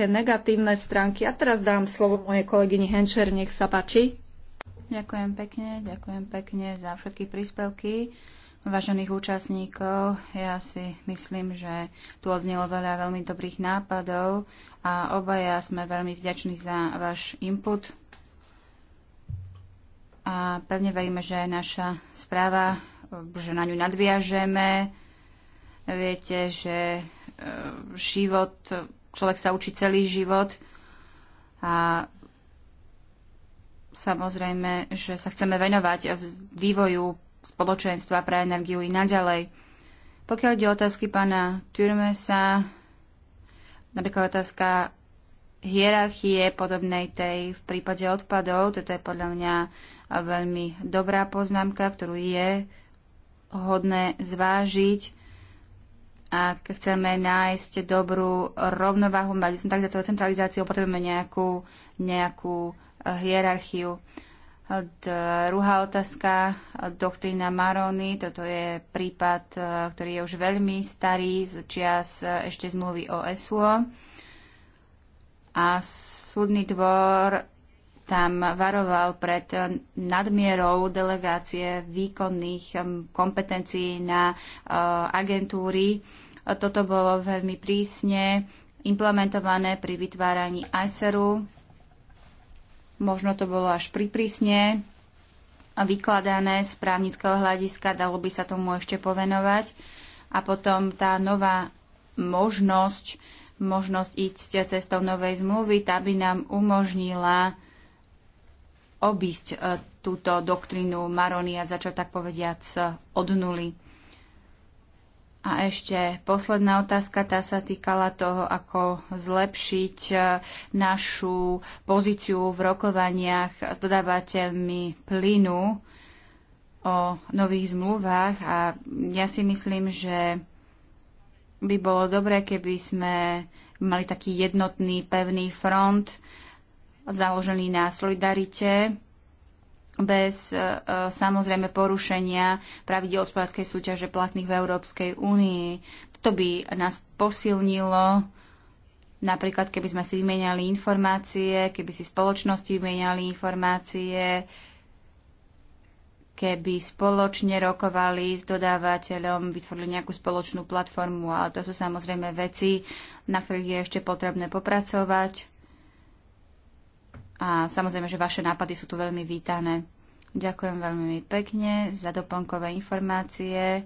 také negatívne stránky. A teraz dám slovo mojej kolegyni Henčer, nech sa páči. Ďakujem pekne, ďakujem pekne za všetky príspevky vážených účastníkov. Ja si myslím, že tu odnelo veľa veľmi dobrých nápadov a obaja sme veľmi vďační za váš input. A pevne veríme, že naša správa, že na ňu nadviažeme. Viete, že e, život človek sa učí celý život a samozrejme, že sa chceme venovať v vývoju spoločenstva pre energiu i naďalej. Pokiaľ ide otázky pána Turmesa, napríklad otázka hierarchie podobnej tej v prípade odpadov, toto je podľa mňa veľmi dobrá poznámka, ktorú je hodné zvážiť ak chceme nájsť dobrú rovnováhu medzi centralizáciou a centralizáciu potrebujeme nejakú, nejakú eh, hierarchiu. Druhá otázka, doktrína Marony, toto je prípad, eh, ktorý je už veľmi starý, z čias eh, ešte zmluvy o SUO. A súdny dvor tam varoval pred nadmierou delegácie výkonných um, kompetencií na uh, agentúry. Toto bolo veľmi prísne implementované pri vytváraní ISERU. Možno to bolo až priprísne vykladané z právnického hľadiska, dalo by sa tomu ešte povenovať. A potom tá nová možnosť, možnosť ísť cestou novej zmluvy, tá by nám umožnila obísť e, túto doktrínu Maroni a začať tak povediac e, od nuly. A ešte posledná otázka, tá sa týkala toho, ako zlepšiť e, našu pozíciu v rokovaniach s dodávateľmi plynu o nových zmluvách. A ja si myslím, že by bolo dobré, keby sme mali taký jednotný, pevný front, založený na solidarite, bez e, samozrejme porušenia pravidel hospodárskej súťaže platných v Európskej únii. To by nás posilnilo, napríklad keby sme si vymenali informácie, keby si spoločnosti vymenali informácie, keby spoločne rokovali s dodávateľom, vytvorili nejakú spoločnú platformu, ale to sú samozrejme veci, na ktorých je ešte potrebné popracovať a samozrejme, že vaše nápady sú tu veľmi vítané. Ďakujem veľmi pekne za doplnkové informácie.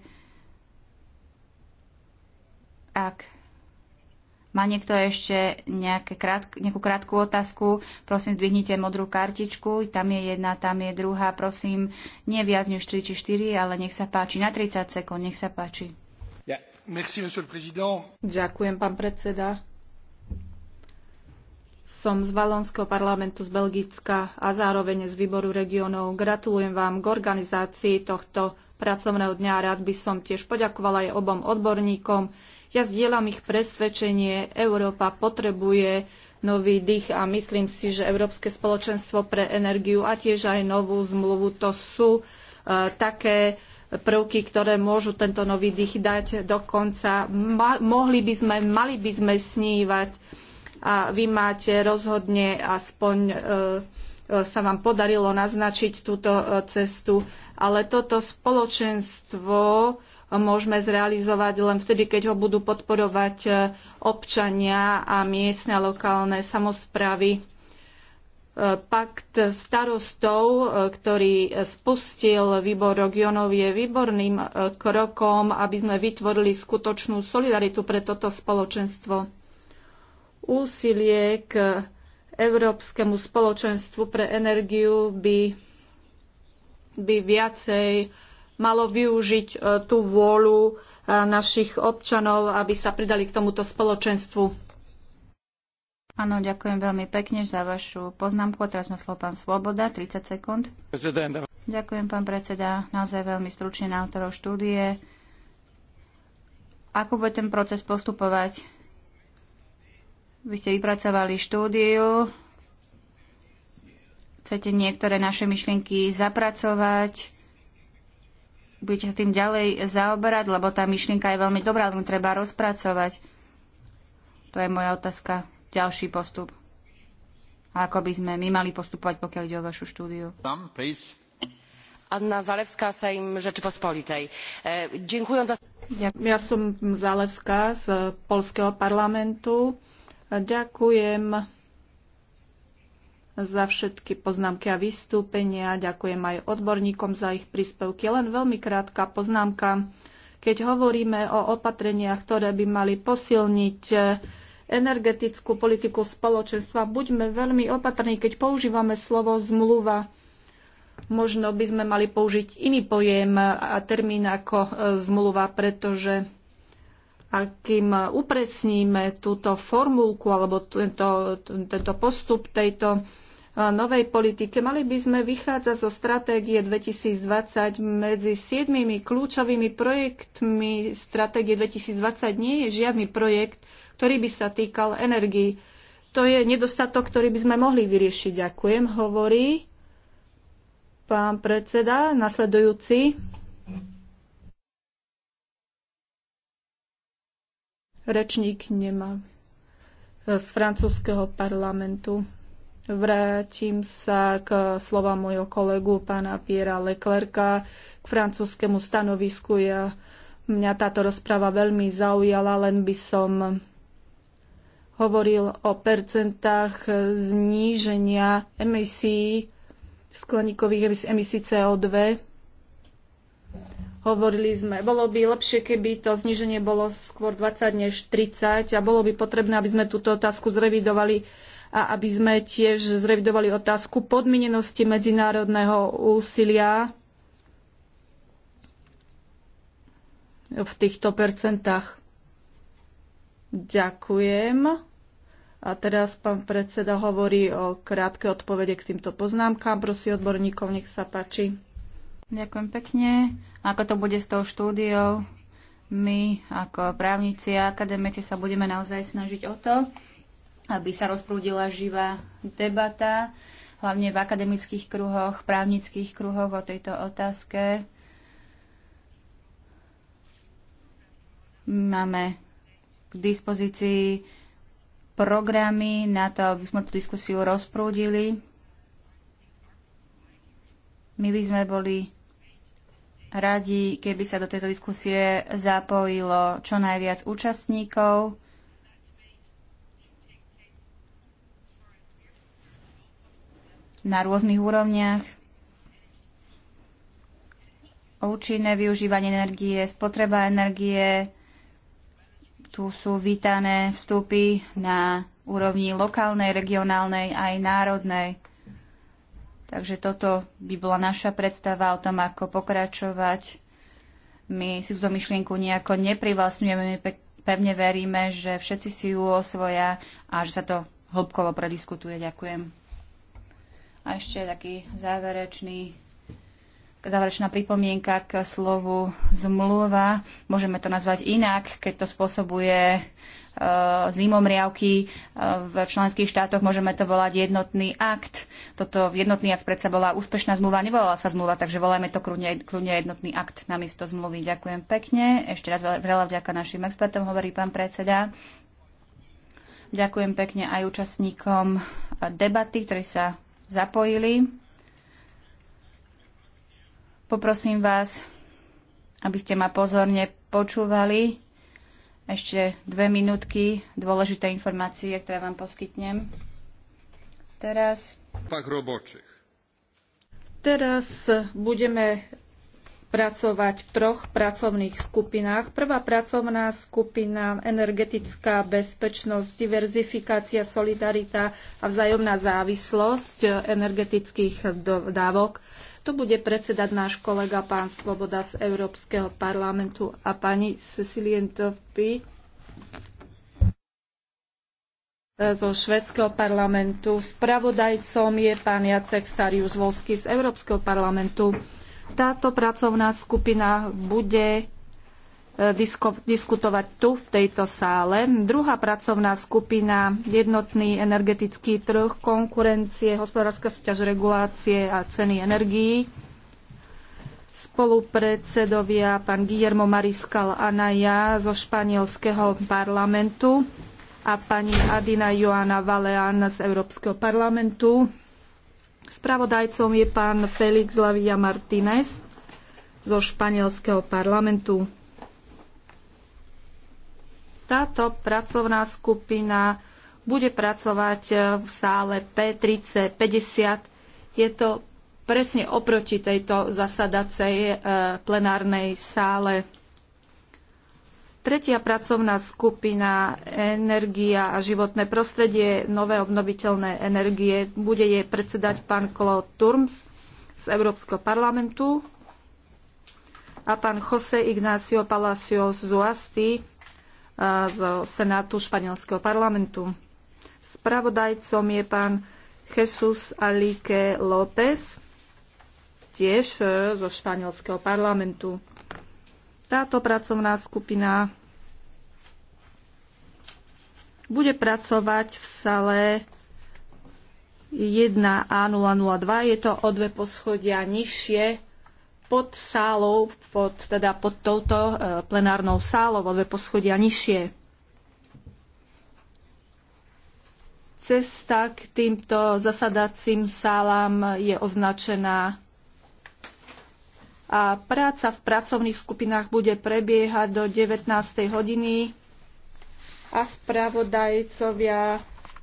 Ak má niekto ešte nejaké krátk, nejakú krátku otázku, prosím, zdvihnite modrú kartičku, tam je jedna, tam je druhá, prosím, nie viac než 3 či 4, ale nech sa páči, na 30 sekúnd, nech sa páči. Ja. Merci, Ďakujem, pán predseda. Som z Valonského parlamentu z Belgicka a zároveň z výboru regionov. Gratulujem vám k organizácii tohto pracovného dňa. Rád by som tiež poďakovala aj obom odborníkom. Ja zdieľam ich presvedčenie. Európa potrebuje nový dých a myslím si, že Európske spoločenstvo pre energiu a tiež aj novú zmluvu to sú e, také prvky, ktoré môžu tento nový dých dať dokonca. Ma- mohli by sme, mali by sme snívať a vy máte rozhodne aspoň e, e, sa vám podarilo naznačiť túto e, cestu, ale toto spoločenstvo môžeme zrealizovať len vtedy, keď ho budú podporovať občania a miestne a lokálne samozprávy. Pakt starostov, ktorý spustil výbor regionov, je výborným krokom, aby sme vytvorili skutočnú solidaritu pre toto spoločenstvo úsilie k Európskemu spoločenstvu pre energiu by, by viacej malo využiť e, tú vôľu e, našich občanov, aby sa pridali k tomuto spoločenstvu. Áno, ďakujem veľmi pekne za vašu poznámku. Teraz má slovo pán Svoboda, 30 sekúnd. Prezident. Ďakujem, pán predseda. Naozaj veľmi stručne na autorov štúdie. Ako bude ten proces postupovať? Vy ste vypracovali štúdiu, chcete niektoré naše myšlienky zapracovať, budete sa tým ďalej zaoberať, lebo tá myšlienka je veľmi dobrá, len treba rozpracovať. To je moja otázka. Ďalší postup. A ako by sme my mali postupovať, pokiaľ ide o vašu štúdiu? Tam, Anna Zalewska, Sejm Rzeczypospolitej. E, ďakujem za... Ja som Zalewska z Polského parlamentu. Ďakujem za všetky poznámky a vystúpenia. Ďakujem aj odborníkom za ich príspevky. Len veľmi krátka poznámka. Keď hovoríme o opatreniach, ktoré by mali posilniť energetickú politiku spoločenstva, buďme veľmi opatrní, keď používame slovo zmluva. Možno by sme mali použiť iný pojem a termín ako zmluva, pretože a upresníme túto formulku alebo tento, tento postup tejto novej politike, mali by sme vychádzať zo stratégie 2020 medzi siedmými kľúčovými projektmi. Stratégie 2020 nie je žiadny projekt, ktorý by sa týkal energii. To je nedostatok, ktorý by sme mohli vyriešiť. Ďakujem, hovorí pán predseda, nasledujúci. Rečník nemá e, z francúzského parlamentu. Vrátim sa k slova mojho kolegu pána Piera Leclerca k francúzskému stanovisku. Ja, mňa táto rozpráva veľmi zaujala, len by som hovoril o percentách zníženia emisí skleníkových emisí CO2 Hovorili sme, bolo by lepšie, keby to zniženie bolo skôr 20 než 30 a bolo by potrebné, aby sme túto otázku zrevidovali a aby sme tiež zrevidovali otázku podmienenosti medzinárodného úsilia v týchto percentách. Ďakujem. A teraz pán predseda hovorí o krátke odpovede k týmto poznámkám. Prosím odborníkov, nech sa páči. Ďakujem pekne. Ako to bude s tou štúdiou? My ako právnici a akademici sa budeme naozaj snažiť o to, aby sa rozprúdila živá debata, hlavne v akademických kruhoch, právnických kruhoch o tejto otázke. Máme k dispozícii programy na to, aby sme tú diskusiu rozprúdili. My by sme boli radi, keby sa do tejto diskusie zapojilo čo najviac účastníkov. na rôznych úrovniach. Účinné využívanie energie, spotreba energie. Tu sú vítané vstupy na úrovni lokálnej, regionálnej aj národnej. Takže toto by bola naša predstava o tom, ako pokračovať. My si túto myšlienku nejako neprivlastňujeme, my pevne veríme, že všetci si ju osvoja a že sa to hĺbkovo prediskutuje. Ďakujem. A ešte taký záverečný záverečná pripomienka k slovu zmluva. Môžeme to nazvať inak, keď to spôsobuje e, zimomriavky e, v členských štátoch, môžeme to volať jednotný akt. Toto jednotný akt predsa bola úspešná zmluva, nevolala sa zmluva, takže voláme to kľudne, kľudne jednotný akt namiesto zmluvy. Ďakujem pekne. Ešte raz veľa vďaka našim expertom, hovorí pán predseda. Ďakujem pekne aj účastníkom e, debaty, ktorí sa zapojili. Poprosím vás, aby ste ma pozorne počúvali. Ešte dve minútky, dôležité informácie, ktoré vám poskytnem. Teraz... Pach robočích. Teraz budeme pracovať v troch pracovných skupinách. Prvá pracovná skupina energetická bezpečnosť, diverzifikácia, solidarita a vzájomná závislosť energetických dávok to bude predsedať náš kolega pán Svoboda z Európskeho parlamentu a pani Cecilien Dovby e, zo švedského parlamentu. Spravodajcom je pán Jacek Sarius Volsky z Európskeho parlamentu. Táto pracovná skupina bude disko, diskutovať tu v tejto sále. Druhá pracovná skupina jednotný energetický trh, konkurencie, hospodárska súťaž, regulácie a ceny energií spolupredsedovia pán Guillermo Mariscal Anaya zo španielského parlamentu a pani Adina Joana Valean z Európskeho parlamentu. Spravodajcom je pán Felix Lavia Martínez zo španielského parlamentu. Táto pracovná skupina bude pracovať v sále P3050. Je to presne oproti tejto zasadacej e, plenárnej sále. Tretia pracovná skupina Energia a životné prostredie, nové obnoviteľné energie, bude jej predsedať pán Claude Turms z Európskeho parlamentu a pán Jose Ignacio Palacios z UASTI, zo Senátu Španielského parlamentu. Spravodajcom je pán Jesus Alique López, tiež e, zo Španielského parlamentu. Táto pracovná skupina bude pracovať v sale 1A002. Je to o dve poschodia nižšie pod sálou, pod, teda pod touto e, plenárnou sálou, ale poschodia nižšie. Cesta k týmto zasadacím sálam je označená a práca v pracovných skupinách bude prebiehať do 19. hodiny a spravodajcovia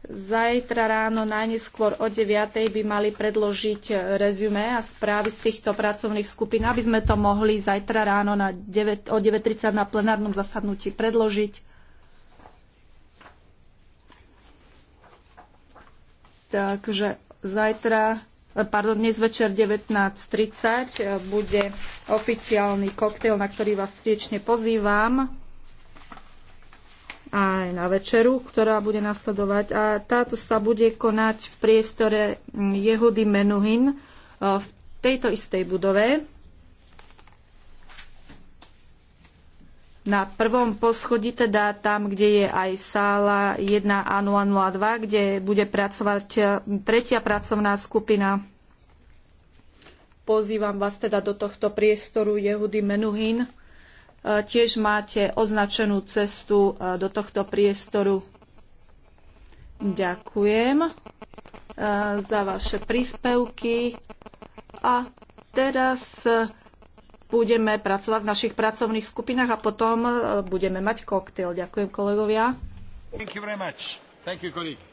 Zajtra ráno najneskôr o 9.00 by mali predložiť rezume a správy z týchto pracovných skupín, aby sme to mohli zajtra ráno na 9, o 9.30 na plenárnom zasadnutí predložiť. Takže zajtra, pardon, dnes večer 19.30 eh, bude oficiálny koktejl, na ktorý vás srdečne pozývam aj na večeru, ktorá bude nasledovať. A táto sa bude konať v priestore Jehudy Menuhin e, v tejto istej budove na prvom poschodí, teda tam, kde je aj sála 1A002, kde bude pracovať e, tretia pracovná skupina. Pozývam vás teda do tohto priestoru Jehudy Menuhin E, tiež máte označenú cestu e, do tohto priestoru. Ďakujem e, za vaše príspevky a teraz budeme pracovať v našich pracovných skupinách a potom budeme mať koktail. Ďakujem kolegovia. Thank you very much. Thank you, colleague.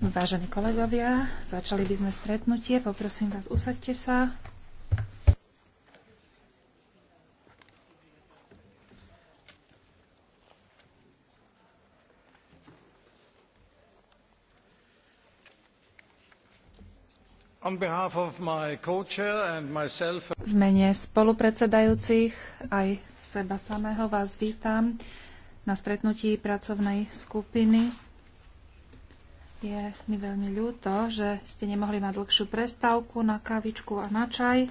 Vážení kolegovia, začali by sme stretnutie. Poprosím vás, usaďte sa. V mene spolupredsedajúcich aj seba samého vás vítam na stretnutí pracovnej skupiny je mi veľmi ľúto, že ste nemohli mať dlhšiu prestávku na kavičku a na čaj.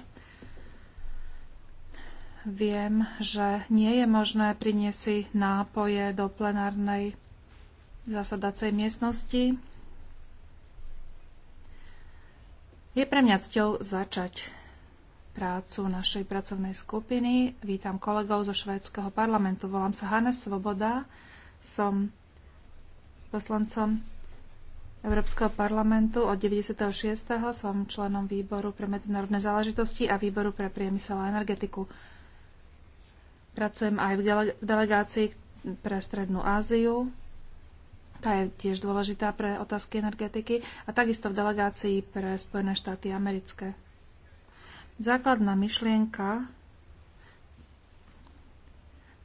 Viem, že nie je možné priniesť si nápoje do plenárnej zasadacej miestnosti. Je pre mňa cťou začať prácu našej pracovnej skupiny. Vítam kolegov zo švédskeho parlamentu. Volám sa Hannes Svoboda. Som poslancom Európskeho parlamentu od 96. som členom výboru pre medzinárodné záležitosti a výboru pre priemysel a energetiku. Pracujem aj v delegácii pre Strednú Áziu, tá je tiež dôležitá pre otázky energetiky, a takisto v delegácii pre Spojené štáty americké. Základná myšlienka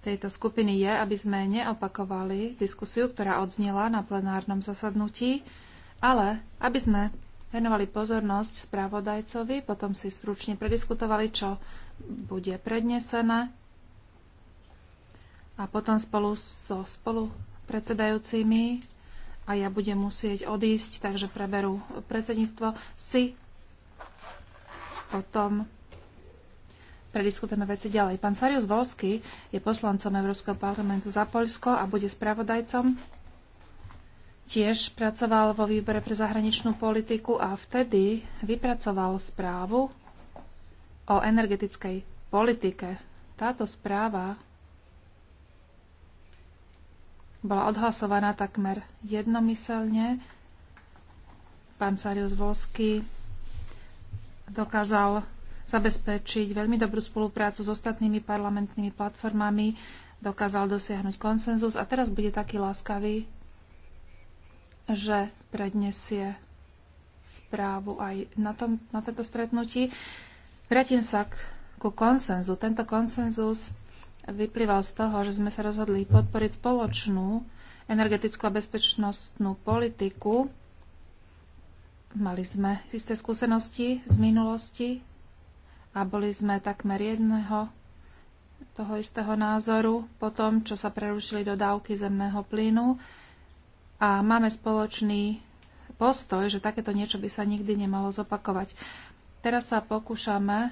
tejto skupiny je, aby sme neopakovali diskusiu, ktorá odznela na plenárnom zasadnutí ale aby sme venovali pozornosť správodajcovi, potom si stručne prediskutovali, čo bude prednesené a potom spolu so spolu predsedajúcimi a ja budem musieť odísť, takže preberú predsedníctvo, si potom prediskutujeme veci ďalej. Pán Sarius Volsky je poslancom Európskeho parlamentu za Poľsko a bude spravodajcom tiež pracoval vo výbore pre zahraničnú politiku a vtedy vypracoval správu o energetickej politike. Táto správa bola odhlasovaná takmer jednomyselne. Pán Sarius Volsky dokázal zabezpečiť veľmi dobrú spoluprácu s ostatnými parlamentnými platformami, dokázal dosiahnuť konsenzus a teraz bude taký láskavý že prednesie správu aj na, tom, na tento stretnutí. Vrátim sa k, ku konsenzu. Tento konsenzus vyplýval z toho, že sme sa rozhodli podporiť spoločnú energetickú a bezpečnostnú politiku. Mali sme isté skúsenosti z minulosti a boli sme takmer jedného toho istého názoru po tom, čo sa prerušili dodávky zemného plynu a máme spoločný postoj, že takéto niečo by sa nikdy nemalo zopakovať. Teraz sa pokúšame e,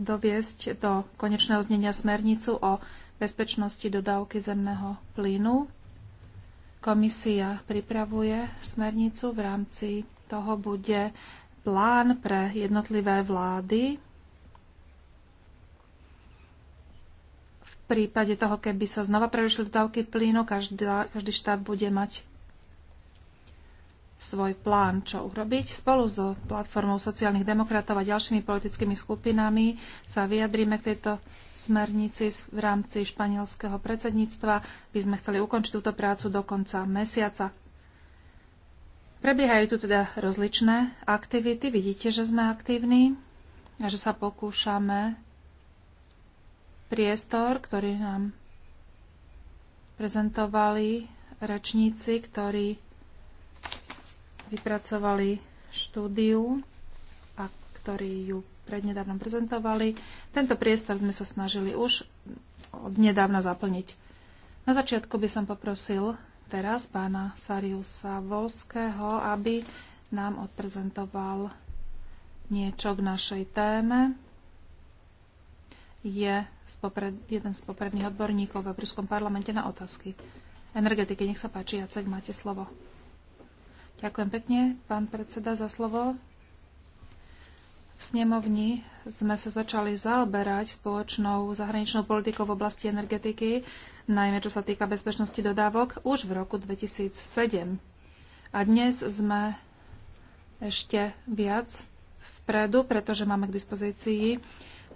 doviesť do konečného znenia smernicu o bezpečnosti dodávky zemného plynu. Komisia pripravuje smernicu, v rámci toho bude plán pre jednotlivé vlády prípade toho, keby sa znova prerušili dodávky plynu, každá, každý štát bude mať svoj plán, čo urobiť. Spolu so platformou sociálnych demokratov a ďalšími politickými skupinami sa vyjadríme k tejto smernici v rámci španielského predsedníctva. By sme chceli ukončiť túto prácu do konca mesiaca. Prebiehajú tu teda rozličné aktivity. Vidíte, že sme aktívni a že sa pokúšame priestor, ktorý nám prezentovali rečníci, ktorí vypracovali štúdiu a ktorí ju prednedávno prezentovali. Tento priestor sme sa snažili už od nedávna zaplniť. Na začiatku by som poprosil teraz pána Sariusa Volského, aby nám odprezentoval niečo k našej téme je spopred, jeden z popredných odborníkov v Európskom parlamente na otázky energetiky. Nech sa páči, Jacek, máte slovo. Ďakujem pekne, pán predseda, za slovo. V snemovni sme sa začali zaoberať spoločnou zahraničnou politikou v oblasti energetiky, najmä čo sa týka bezpečnosti dodávok, už v roku 2007. A dnes sme ešte viac vpredu, pretože máme k dispozícii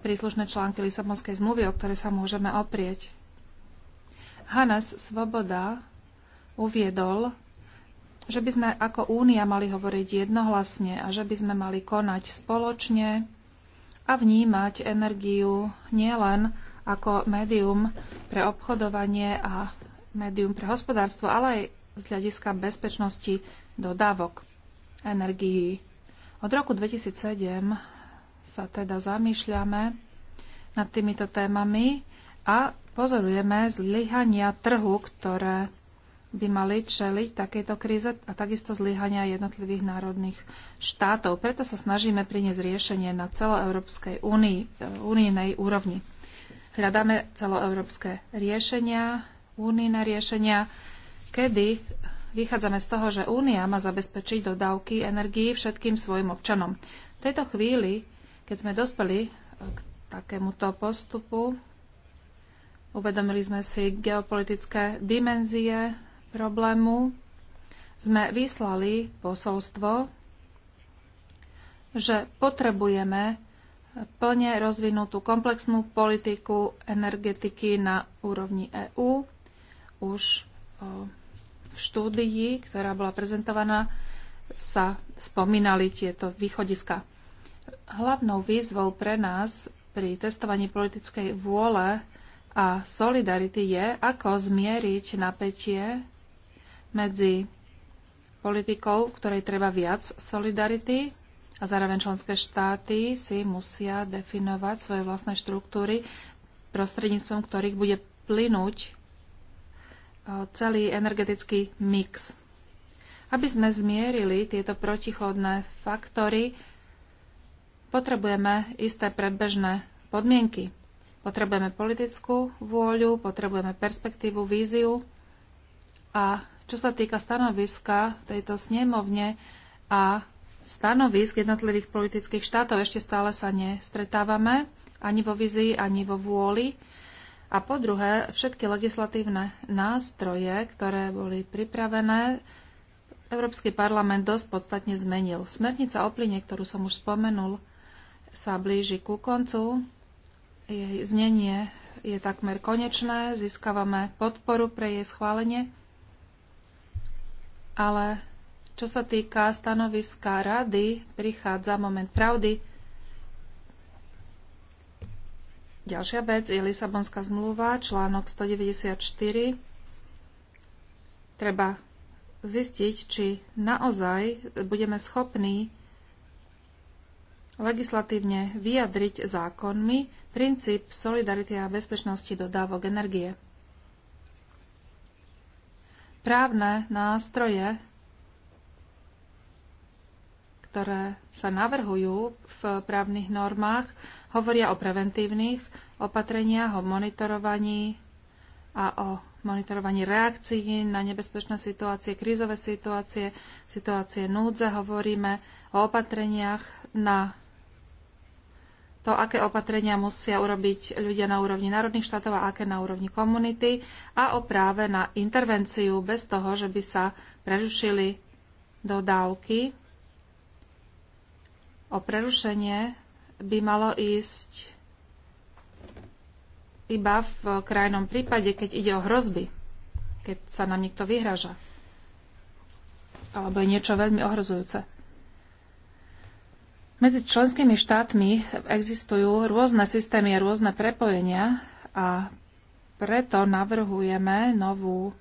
príslušné články Lisabonskej zmluvy, o ktoré sa môžeme oprieť. Hannes Svoboda uviedol, že by sme ako únia mali hovoriť jednohlasne a že by sme mali konať spoločne a vnímať energiu nielen ako médium pre obchodovanie a médium pre hospodárstvo, ale aj z hľadiska bezpečnosti dodávok energií. Od roku 2007 sa teda zamýšľame nad týmito témami a pozorujeme zlyhania trhu, ktoré by mali čeliť takejto kríze a takisto zlyhania jednotlivých národných štátov. Preto sa snažíme priniesť riešenie na celoeurópskej únii, unijnej úrovni. Hľadáme celoeurópske riešenia, únijné riešenia, kedy vychádzame z toho, že únia má zabezpečiť dodávky energií všetkým svojim občanom. V tejto chvíli keď sme dospeli eh, k takémuto postupu, uvedomili sme si geopolitické dimenzie problému, sme vyslali posolstvo, že potrebujeme plne rozvinutú komplexnú politiku energetiky na úrovni EÚ. Už eh, v štúdii, ktorá bola prezentovaná, sa spomínali tieto východiska. Hlavnou výzvou pre nás pri testovaní politickej vôle a solidarity je, ako zmieriť napätie medzi politikou, ktorej treba viac solidarity a zároveň členské štáty si musia definovať svoje vlastné štruktúry, prostredníctvom ktorých bude plynúť e, celý energetický mix. Aby sme zmierili tieto protichodné faktory, potrebujeme isté predbežné podmienky. Potrebujeme politickú vôľu, potrebujeme perspektívu, víziu. A čo sa týka stanoviska tejto snemovne a stanovisk jednotlivých politických štátov, ešte stále sa nestretávame ani vo vízii, ani vo vôli. A po druhé, všetky legislatívne nástroje, ktoré boli pripravené, Európsky parlament dosť podstatne zmenil. Smernica o plyne, ktorú som už spomenul, sa blíži ku koncu. Jej znenie je takmer konečné, získavame podporu pre jej schválenie, ale čo sa týka stanoviska rady, prichádza moment pravdy. Ďalšia vec je Lisabonská zmluva, článok 194. Treba zistiť, či naozaj budeme schopní legislatívne vyjadriť zákonmi princíp solidarity a bezpečnosti dodávok energie. Právne nástroje, ktoré sa navrhujú v právnych normách, hovoria o preventívnych opatreniach, o monitorovaní a o monitorovaní reakcií na nebezpečné situácie, krízové situácie, situácie núdze. Hovoríme o opatreniach na to, aké opatrenia musia urobiť ľudia na úrovni národných štátov a aké na úrovni komunity a o práve na intervenciu bez toho, že by sa prerušili dodávky. O prerušenie by malo ísť iba v krajnom prípade, keď ide o hrozby, keď sa nám niekto vyhraža alebo je niečo veľmi ohrozujúce. Medzi členskými štátmi existujú rôzne systémy a rôzne prepojenia a preto navrhujeme novú,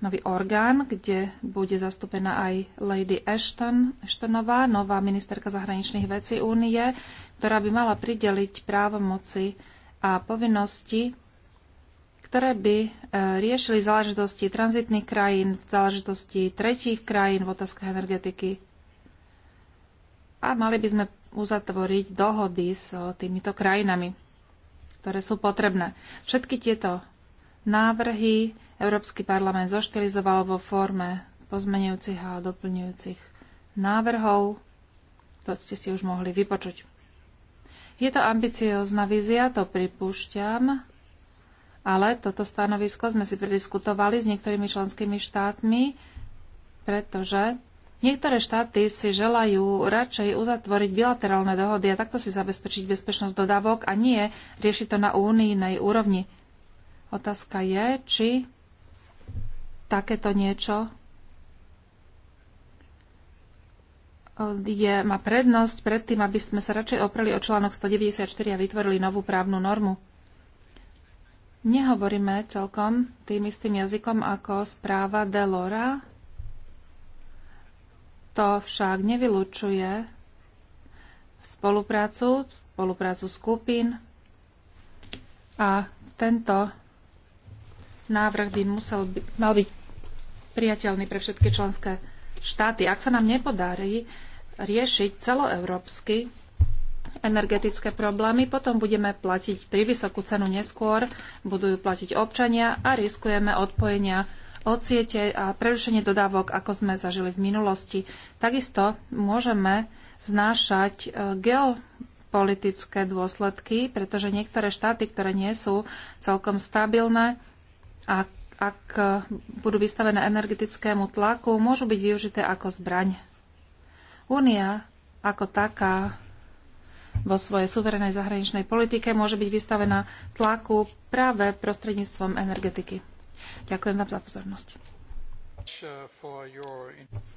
nový orgán, kde bude zastúpená aj Lady Ashton, Ashtonová, nová ministerka zahraničných vecí únie, ktorá by mala prideliť právomoci a povinnosti, ktoré by e, riešili záležitosti tranzitných krajín, záležitosti tretích krajín v otázkach energetiky a mali by sme uzatvoriť dohody s eh, týmito krajinami, ktoré sú potrebné. Všetky tieto návrhy Európsky parlament zoštilizoval vo forme pozmenujúcich a doplňujúcich návrhov. To ste si už mohli vypočuť. Je to ambiciózna vízia, to pripúšťam, ale toto stanovisko sme si prediskutovali s niektorými členskými štátmi, pretože Niektoré štáty si želajú radšej uzatvoriť bilaterálne dohody a takto si zabezpečiť bezpečnosť dodávok a nie riešiť to na únijnej úrovni. Otázka je, či takéto niečo je, má prednosť pred tým, aby sme sa radšej opreli o článok 194 a vytvorili novú právnu normu. Nehovoríme celkom tým istým jazykom ako správa Delora, to však nevylučuje spoluprácu, spoluprácu skupín a tento návrh by musel by, mal byť priateľný pre všetky členské štáty. Ak sa nám nepodarí riešiť celoeurópsky energetické problémy, potom budeme platiť pri vysokú cenu neskôr, budú ju platiť občania a riskujeme odpojenia siete a prerušenie dodávok, ako sme zažili v minulosti. Takisto môžeme znášať e, geopolitické dôsledky, pretože niektoré štáty, ktoré nie sú celkom stabilné a ak budú vystavené energetickému tlaku, môžu byť využité ako zbraň. Únia ako taká vo svojej suverenej zahraničnej politike môže byť vystavená tlaku práve prostredníctvom energetiky. Ďakujem vám za pozornosť.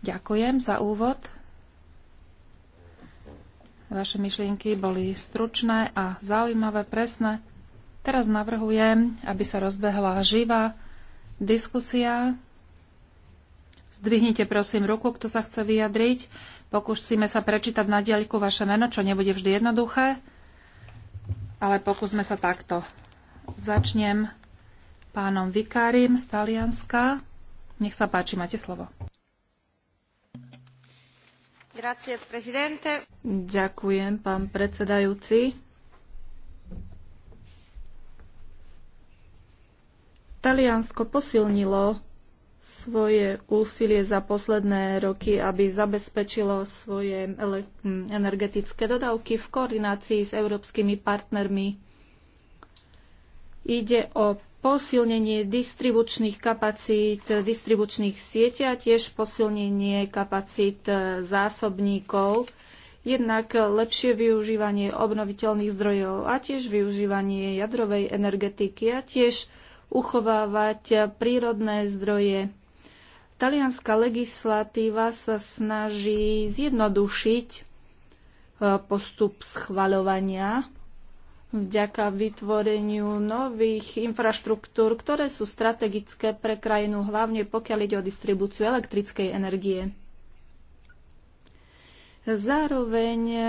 Ďakujem za úvod. Vaše myšlienky boli stručné a zaujímavé, presné. Teraz navrhujem, aby sa rozbehla živá diskusia. Zdvihnite prosím ruku, kto sa chce vyjadriť. Pokúsime sa prečítať na diaľku vaše meno, čo nebude vždy jednoduché, ale pokúsme sa takto. Začnem pánom Vikárim z Talianska. Nech sa páči, máte slovo. Grazie, Ďakujem, pán predsedajúci. Taliansko posilnilo svoje úsilie za posledné roky, aby zabezpečilo svoje energetické dodávky v koordinácii s európskymi partnermi. Ide o posilnenie distribučných kapacít, distribučných sieť, a tiež posilnenie kapacít e, zásobníkov, jednak lepšie využívanie obnoviteľných zdrojov a tiež využívanie jadrovej energetiky a tiež uchovávať prírodné zdroje. Talianská legislatíva sa snaží zjednodušiť e, postup schvaľovania vďaka vytvoreniu nových infraštruktúr, ktoré sú strategické pre krajinu, hlavne pokiaľ ide o distribúciu elektrickej energie. Zároveň e,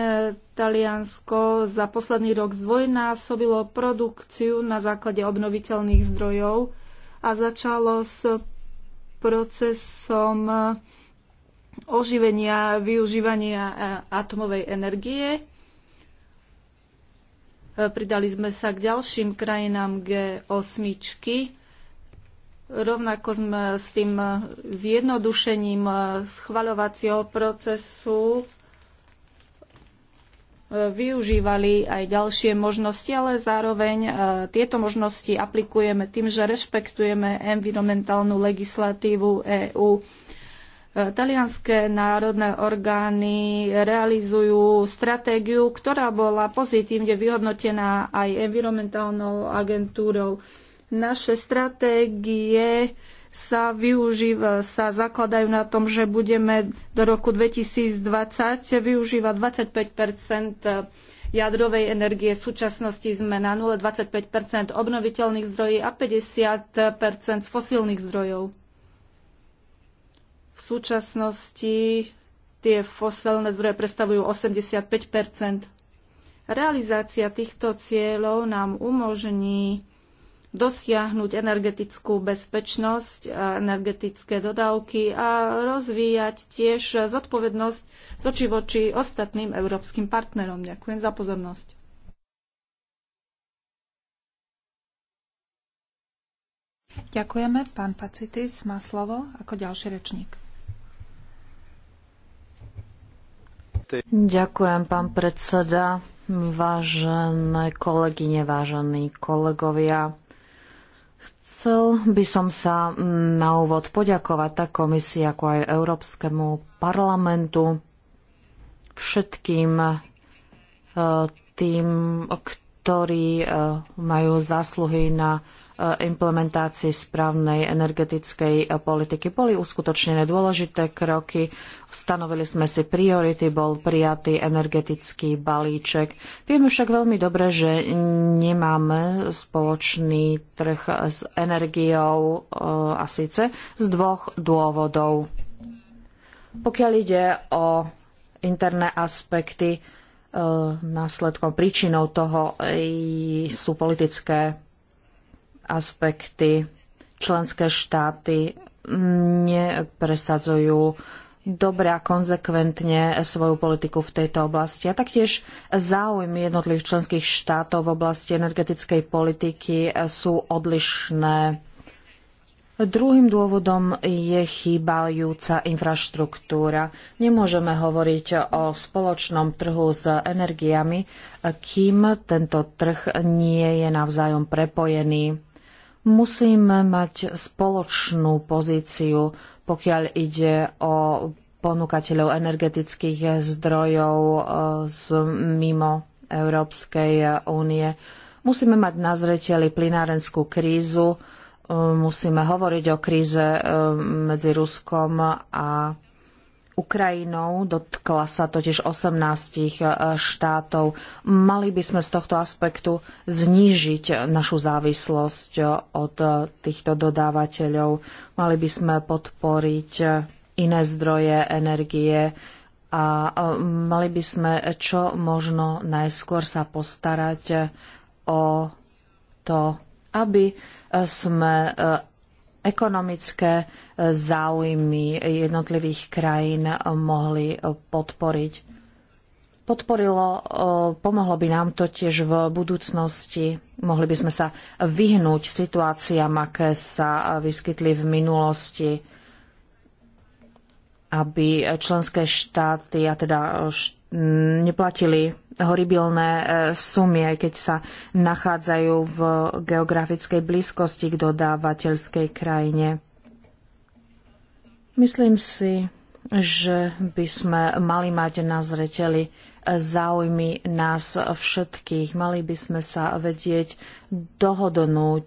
Taliansko za posledný rok zdvojnásobilo produkciu na základe obnoviteľných zdrojov a začalo s procesom e, oživenia využívania e, atomovej energie E, pridali sme sa k ďalším krajinám G8. Rovnako sme s tým zjednodušením e, schvaľovacieho procesu e, využívali aj ďalšie možnosti, ale zároveň tieto možnosti aplikujeme tým, že rešpektujeme environmentálnu legislatívu EÚ. Talianské národné orgány realizujú stratégiu, ktorá bola pozitívne vyhodnotená aj environmentálnou agentúrou. Naše stratégie sa využíva, sa zakladajú na tom, že budeme do roku 2020 využívať 25 jadrovej energie. V súčasnosti sme na 0,25 obnoviteľných zdrojí a 50 z fosílnych zdrojov súčasnosti tie fosilné zdroje predstavujú 85 Realizácia týchto cieľov nám umožní dosiahnuť energetickú bezpečnosť, energetické dodávky a rozvíjať tiež zodpovednosť z oči voči ostatným európskym partnerom. Ďakujem za pozornosť. Ďakujeme. Pán Pacitis má slovo ako ďalší rečník. Ďakujem, pán predseda. Vážené kolegyne, vážení kolegovia, chcel by som sa na úvod poďakovať tak komisii, ako aj Európskemu parlamentu, všetkým e, tým, ktorí e, majú zásluhy na Eh, implementácii správnej energetickej eh, politiky. Boli uskutočnené dôležité kroky, stanovili sme si priority, bol prijatý energetický balíček. Vieme však veľmi dobre, že nemáme spoločný trh s energiou eh, a síce z dvoch dôvodov. Pokiaľ ide o interné aspekty, následkom, príčinou toho sú politické aspekty. Členské štáty nepresadzujú dobre a konzekventne svoju politiku v tejto oblasti. A taktiež záujmy jednotlivých členských štátov v oblasti energetickej politiky sú odlišné. Druhým dôvodom je chýbajúca infraštruktúra. Nemôžeme hovoriť o spoločnom trhu s energiami, kým tento trh nie je navzájom prepojený. Musíme mať spoločnú pozíciu, pokiaľ ide o ponúkateľov energetických zdrojov e, z mimo Európskej únie. Musíme mať na zreteli plinárenskú krízu, e, musíme hovoriť o kríze e, medzi Ruskom a Ukrajinou, dotkla sa totiž 18 e, štátov. Mali by sme z tohto aspektu znížiť našu závislosť e, od e, týchto dodávateľov. Mali by sme podporiť iné zdroje energie a mali by sme čo možno najskôr sa postarať o to, aby sme ekonomické e, záujmy jednotlivých krajín mohli e, podporiť. Podporilo, e, pomohlo by nám to tiež v budúcnosti. Mohli by sme sa vyhnúť situáciám, aké sa vyskytli v minulosti aby členské štáty a teda štáty, neplatili horibilné e, sumy, aj keď sa nachádzajú v geografickej blízkosti k dodávateľskej krajine. Myslím si, že by sme mali mať na zreteli záujmy nás všetkých. Mali by sme sa vedieť dohodnúť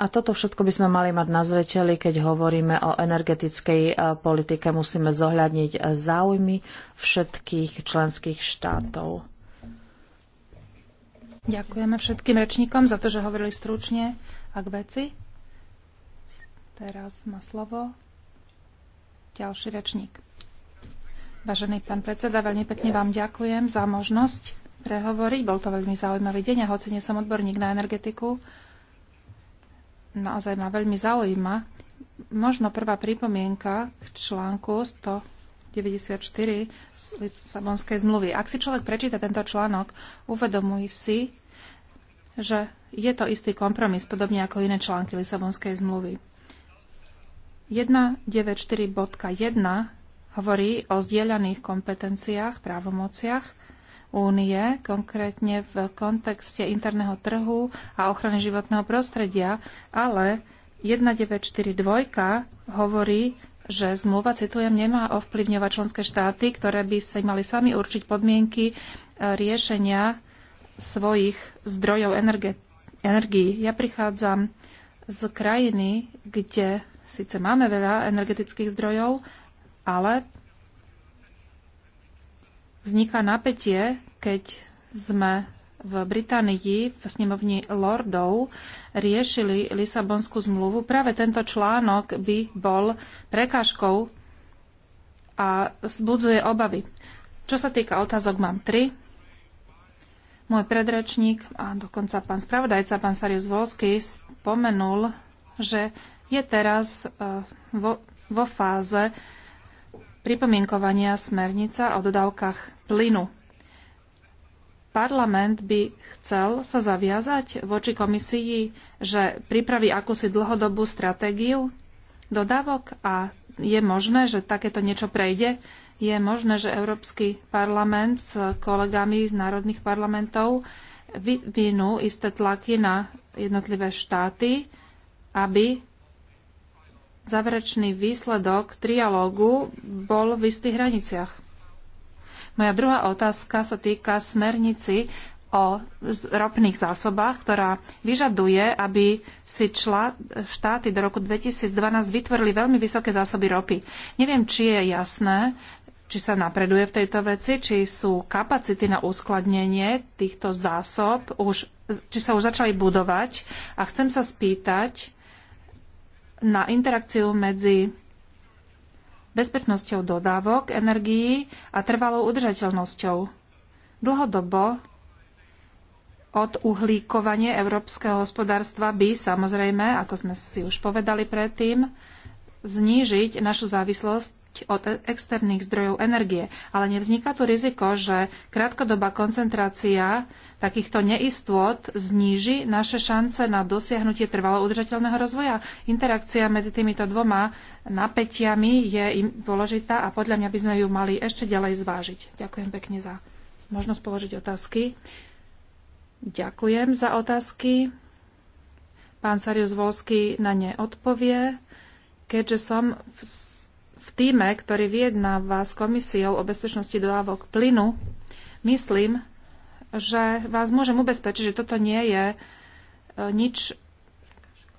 a toto všetko by sme mali mať na zreteli, keď hovoríme o energetickej e, politike. Musíme zohľadniť e, záujmy všetkých členských štátov. Ďakujeme všetkým rečníkom za to, že hovorili stručne a k veci. Teraz má slovo ďalší rečník. Vážený pán predseda, veľmi pekne vám ďakujem za možnosť prehovoriť. Bol to veľmi zaujímavý deň a hoci nie som odborník na energetiku, naozaj ma veľmi zaujíma. Možno prvá pripomienka k článku 194 z Lisabonskej zmluvy. Ak si človek prečíta tento článok, uvedomuj si, že je to istý kompromis, podobne ako iné články Lisabonskej zmluvy. 194.1 hovorí o zdieľaných kompetenciách, právomociach únie, konkrétne v kontexte interného trhu a ochrany životného prostredia, ale 1942 hovorí, že zmluva, citujem, nemá ovplyvňovať členské štáty, ktoré by si mali sami určiť podmienky e, riešenia svojich zdrojov energie. energii. Ja prichádzam z krajiny, kde síce máme veľa energetických zdrojov, ale vzniká napätie, keď sme v Británii v snemovni lordov riešili Lisabonskú zmluvu, práve tento článok by bol prekážkou a vzbudzuje obavy. Čo sa týka otázok, mám tri. Môj predrečník a dokonca pán spravodajca, pán Sarius Volsky, spomenul, že je teraz eh, vo, vo fáze pripomienkovania smernica o dodávkach plynu. Parlament by chcel sa zaviazať voči komisii, že pripraví akúsi dlhodobú stratégiu dodávok a je možné, že takéto niečo prejde. Je možné, že Európsky parlament s kolegami z národných parlamentov vyvinú isté tlaky na jednotlivé štáty, aby záverečný výsledok trialógu bol v istých hraniciach. Moja druhá otázka sa týka smernici o ropných zásobách, ktorá vyžaduje, aby si čla, štáty do roku 2012 vytvorili veľmi vysoké zásoby ropy. Neviem, či je jasné, či sa napreduje v tejto veci, či sú kapacity na uskladnenie týchto zásob, už, či sa už začali budovať. A chcem sa spýtať, na interakciu medzi bezpečnosťou dodávok energií a trvalou udržateľnosťou. Dlhodobo od uhlíkovanie európskeho hospodárstva by samozrejme, ako sme si už povedali predtým, znížiť našu závislosť od externých zdrojov energie. Ale nevzniká tu riziko, že krátkodobá koncentrácia takýchto neistôt zníži naše šance na dosiahnutie trvalo udržateľného rozvoja. Interakcia medzi týmito dvoma napätiami je im dôležitá a podľa mňa by sme ju mali ešte ďalej zvážiť. Ďakujem pekne za možnosť položiť otázky. Ďakujem za otázky. Pán Sarius Volsky na ne odpovie. Keďže som v v týme, ktorý vyjednáva s komisiou o bezpečnosti dodávok plynu, myslím, že vás môžem ubezpečiť, že toto nie je e, nič,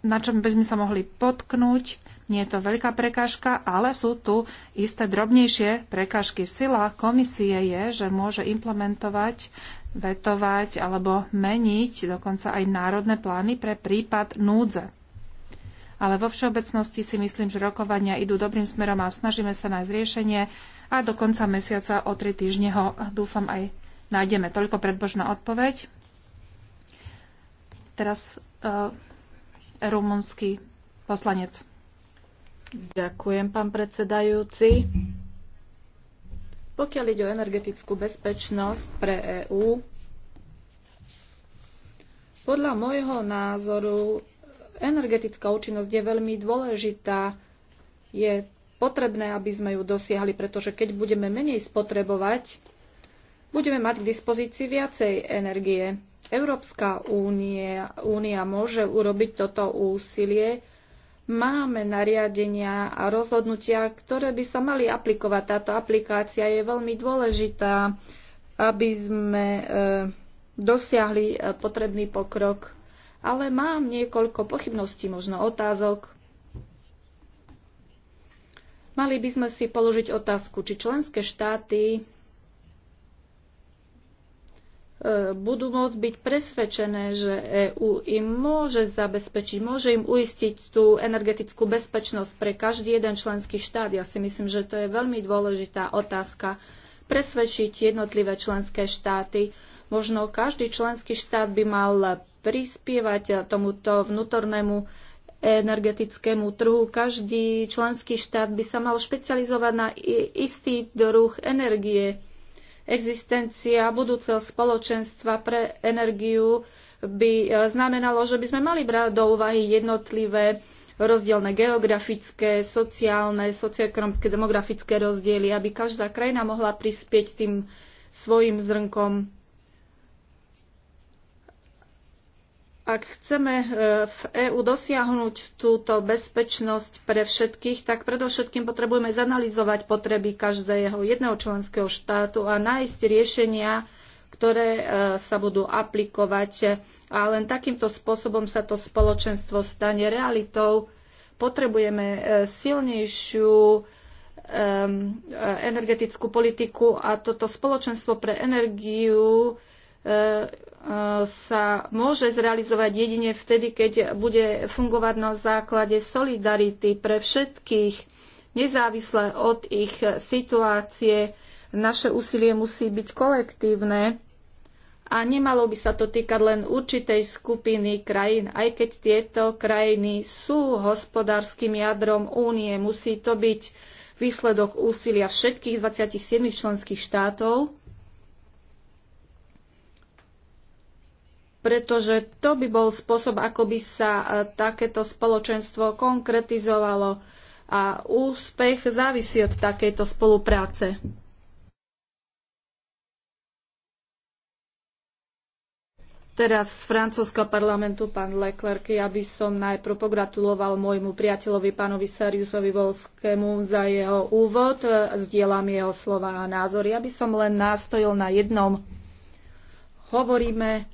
na čom by sme sa mohli potknúť. Nie je to veľká prekážka, ale sú tu isté drobnejšie prekážky. Sila komisie je, že môže implementovať, vetovať alebo meniť dokonca aj národné plány pre prípad núdze ale vo všeobecnosti si myslím, že rokovania idú dobrým smerom a snažíme sa nájsť riešenie a do konca mesiaca o tri týždne ho dúfam aj nájdeme. Toľko predbožná odpoveď. Teraz uh, rumunský poslanec. Ďakujem, pán predsedajúci. Pokiaľ ide o energetickú bezpečnosť pre EÚ, podľa môjho názoru Energetická účinnosť je veľmi dôležitá. Je potrebné, aby sme ju dosiahli, pretože keď budeme menej spotrebovať, budeme mať k dispozícii viacej energie. Európska únia, únia môže urobiť toto úsilie. Máme nariadenia a rozhodnutia, ktoré by sa mali aplikovať. Táto aplikácia je veľmi dôležitá, aby sme e, dosiahli e, potrebný pokrok ale mám niekoľko pochybností, možno otázok. Mali by sme si položiť otázku, či členské štáty e, budú môcť byť presvedčené, že EÚ im môže zabezpečiť, môže im uistiť tú energetickú bezpečnosť pre každý jeden členský štát. Ja si myslím, že to je veľmi dôležitá otázka presvedčiť jednotlivé členské štáty. Možno každý členský štát by mal prispievať tomuto vnútornému energetickému trhu. Každý členský štát by sa mal špecializovať na istý druh energie. Existencia budúceho spoločenstva pre energiu by e, znamenalo, že by sme mali brať do úvahy jednotlivé rozdielne geografické, sociálne, socioekonomické, demografické rozdiely, aby každá krajina mohla prispieť tým svojim zrnkom Ak chceme e, v EÚ dosiahnuť túto bezpečnosť pre všetkých, tak predovšetkým potrebujeme zanalizovať potreby každého jedného členského štátu a nájsť riešenia, ktoré e, sa budú aplikovať. A len takýmto spôsobom sa to spoločenstvo stane realitou. Potrebujeme e, silnejšiu energetickú politiku a toto spoločenstvo pre energiu sa môže zrealizovať jedine vtedy, keď bude fungovať na základe solidarity pre všetkých, nezávisle od ich situácie. Naše úsilie musí byť kolektívne a nemalo by sa to týkať len určitej skupiny krajín, aj keď tieto krajiny sú hospodárskym jadrom únie. Musí to byť výsledok úsilia všetkých 27 členských štátov pretože to by bol spôsob, ako by sa e, takéto spoločenstvo konkretizovalo a úspech závisí od takejto spolupráce. Teraz z francúzského parlamentu pán Leclerc, ja by som najprv pogratuloval môjmu priateľovi pánovi Sariusovi Volskému za jeho úvod, e, zdieľam jeho slova a názory. Ja by som len nástojil na jednom. Hovoríme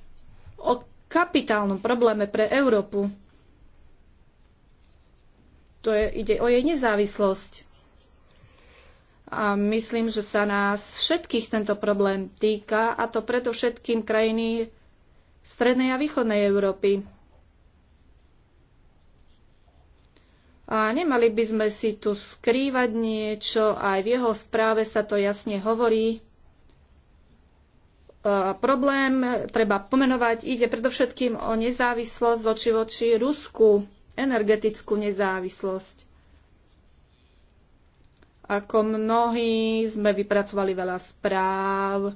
o kapitálnom probléme pre Európu. To je, ide o jej nezávislosť. A myslím, že sa nás všetkých tento problém týka, a to preto všetkým krajiny strednej a východnej Európy. A nemali by sme si tu skrývať niečo, aj v jeho správe sa to jasne hovorí. Eh, problém treba pomenovať. Ide predovšetkým o nezávislosť voči voči Rusku, energetickú nezávislosť. Ako mnohí sme vypracovali veľa správ.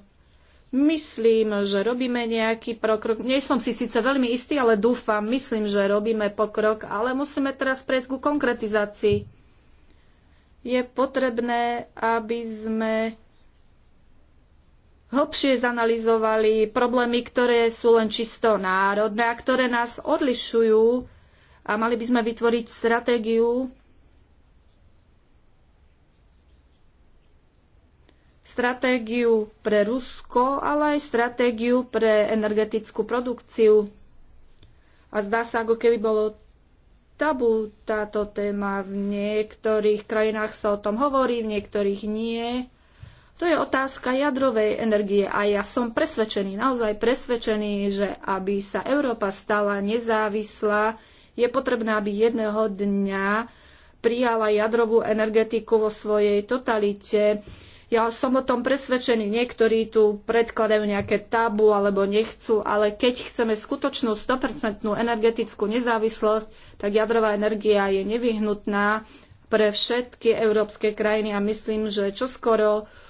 Myslím, že robíme nejaký pokrok. Nie som si síce veľmi istý, ale dúfam, myslím, že robíme pokrok, ale musíme teraz prejsť ku konkretizácii. Je potrebné, aby sme hlbšie zanalizovali problémy, ktoré sú len čisto národné a ktoré nás odlišujú a mali by sme vytvoriť stratégiu stratégiu pre Rusko, ale aj stratégiu pre energetickú produkciu. A zdá sa, ako keby bolo tabu táto téma. V niektorých krajinách sa o tom hovorí, v niektorých nie. To je otázka jadrovej energie a ja som presvedčený, naozaj presvedčený, že aby sa Európa stala nezávislá, je potrebné, aby jedného dňa prijala jadrovú energetiku vo svojej totalite. Ja som o tom presvedčený, niektorí tu predkladajú nejaké tabu alebo nechcú, ale keď chceme skutočnú 100% energetickú nezávislosť, tak jadrová energia je nevyhnutná pre všetky európske krajiny a myslím, že čoskoro skoro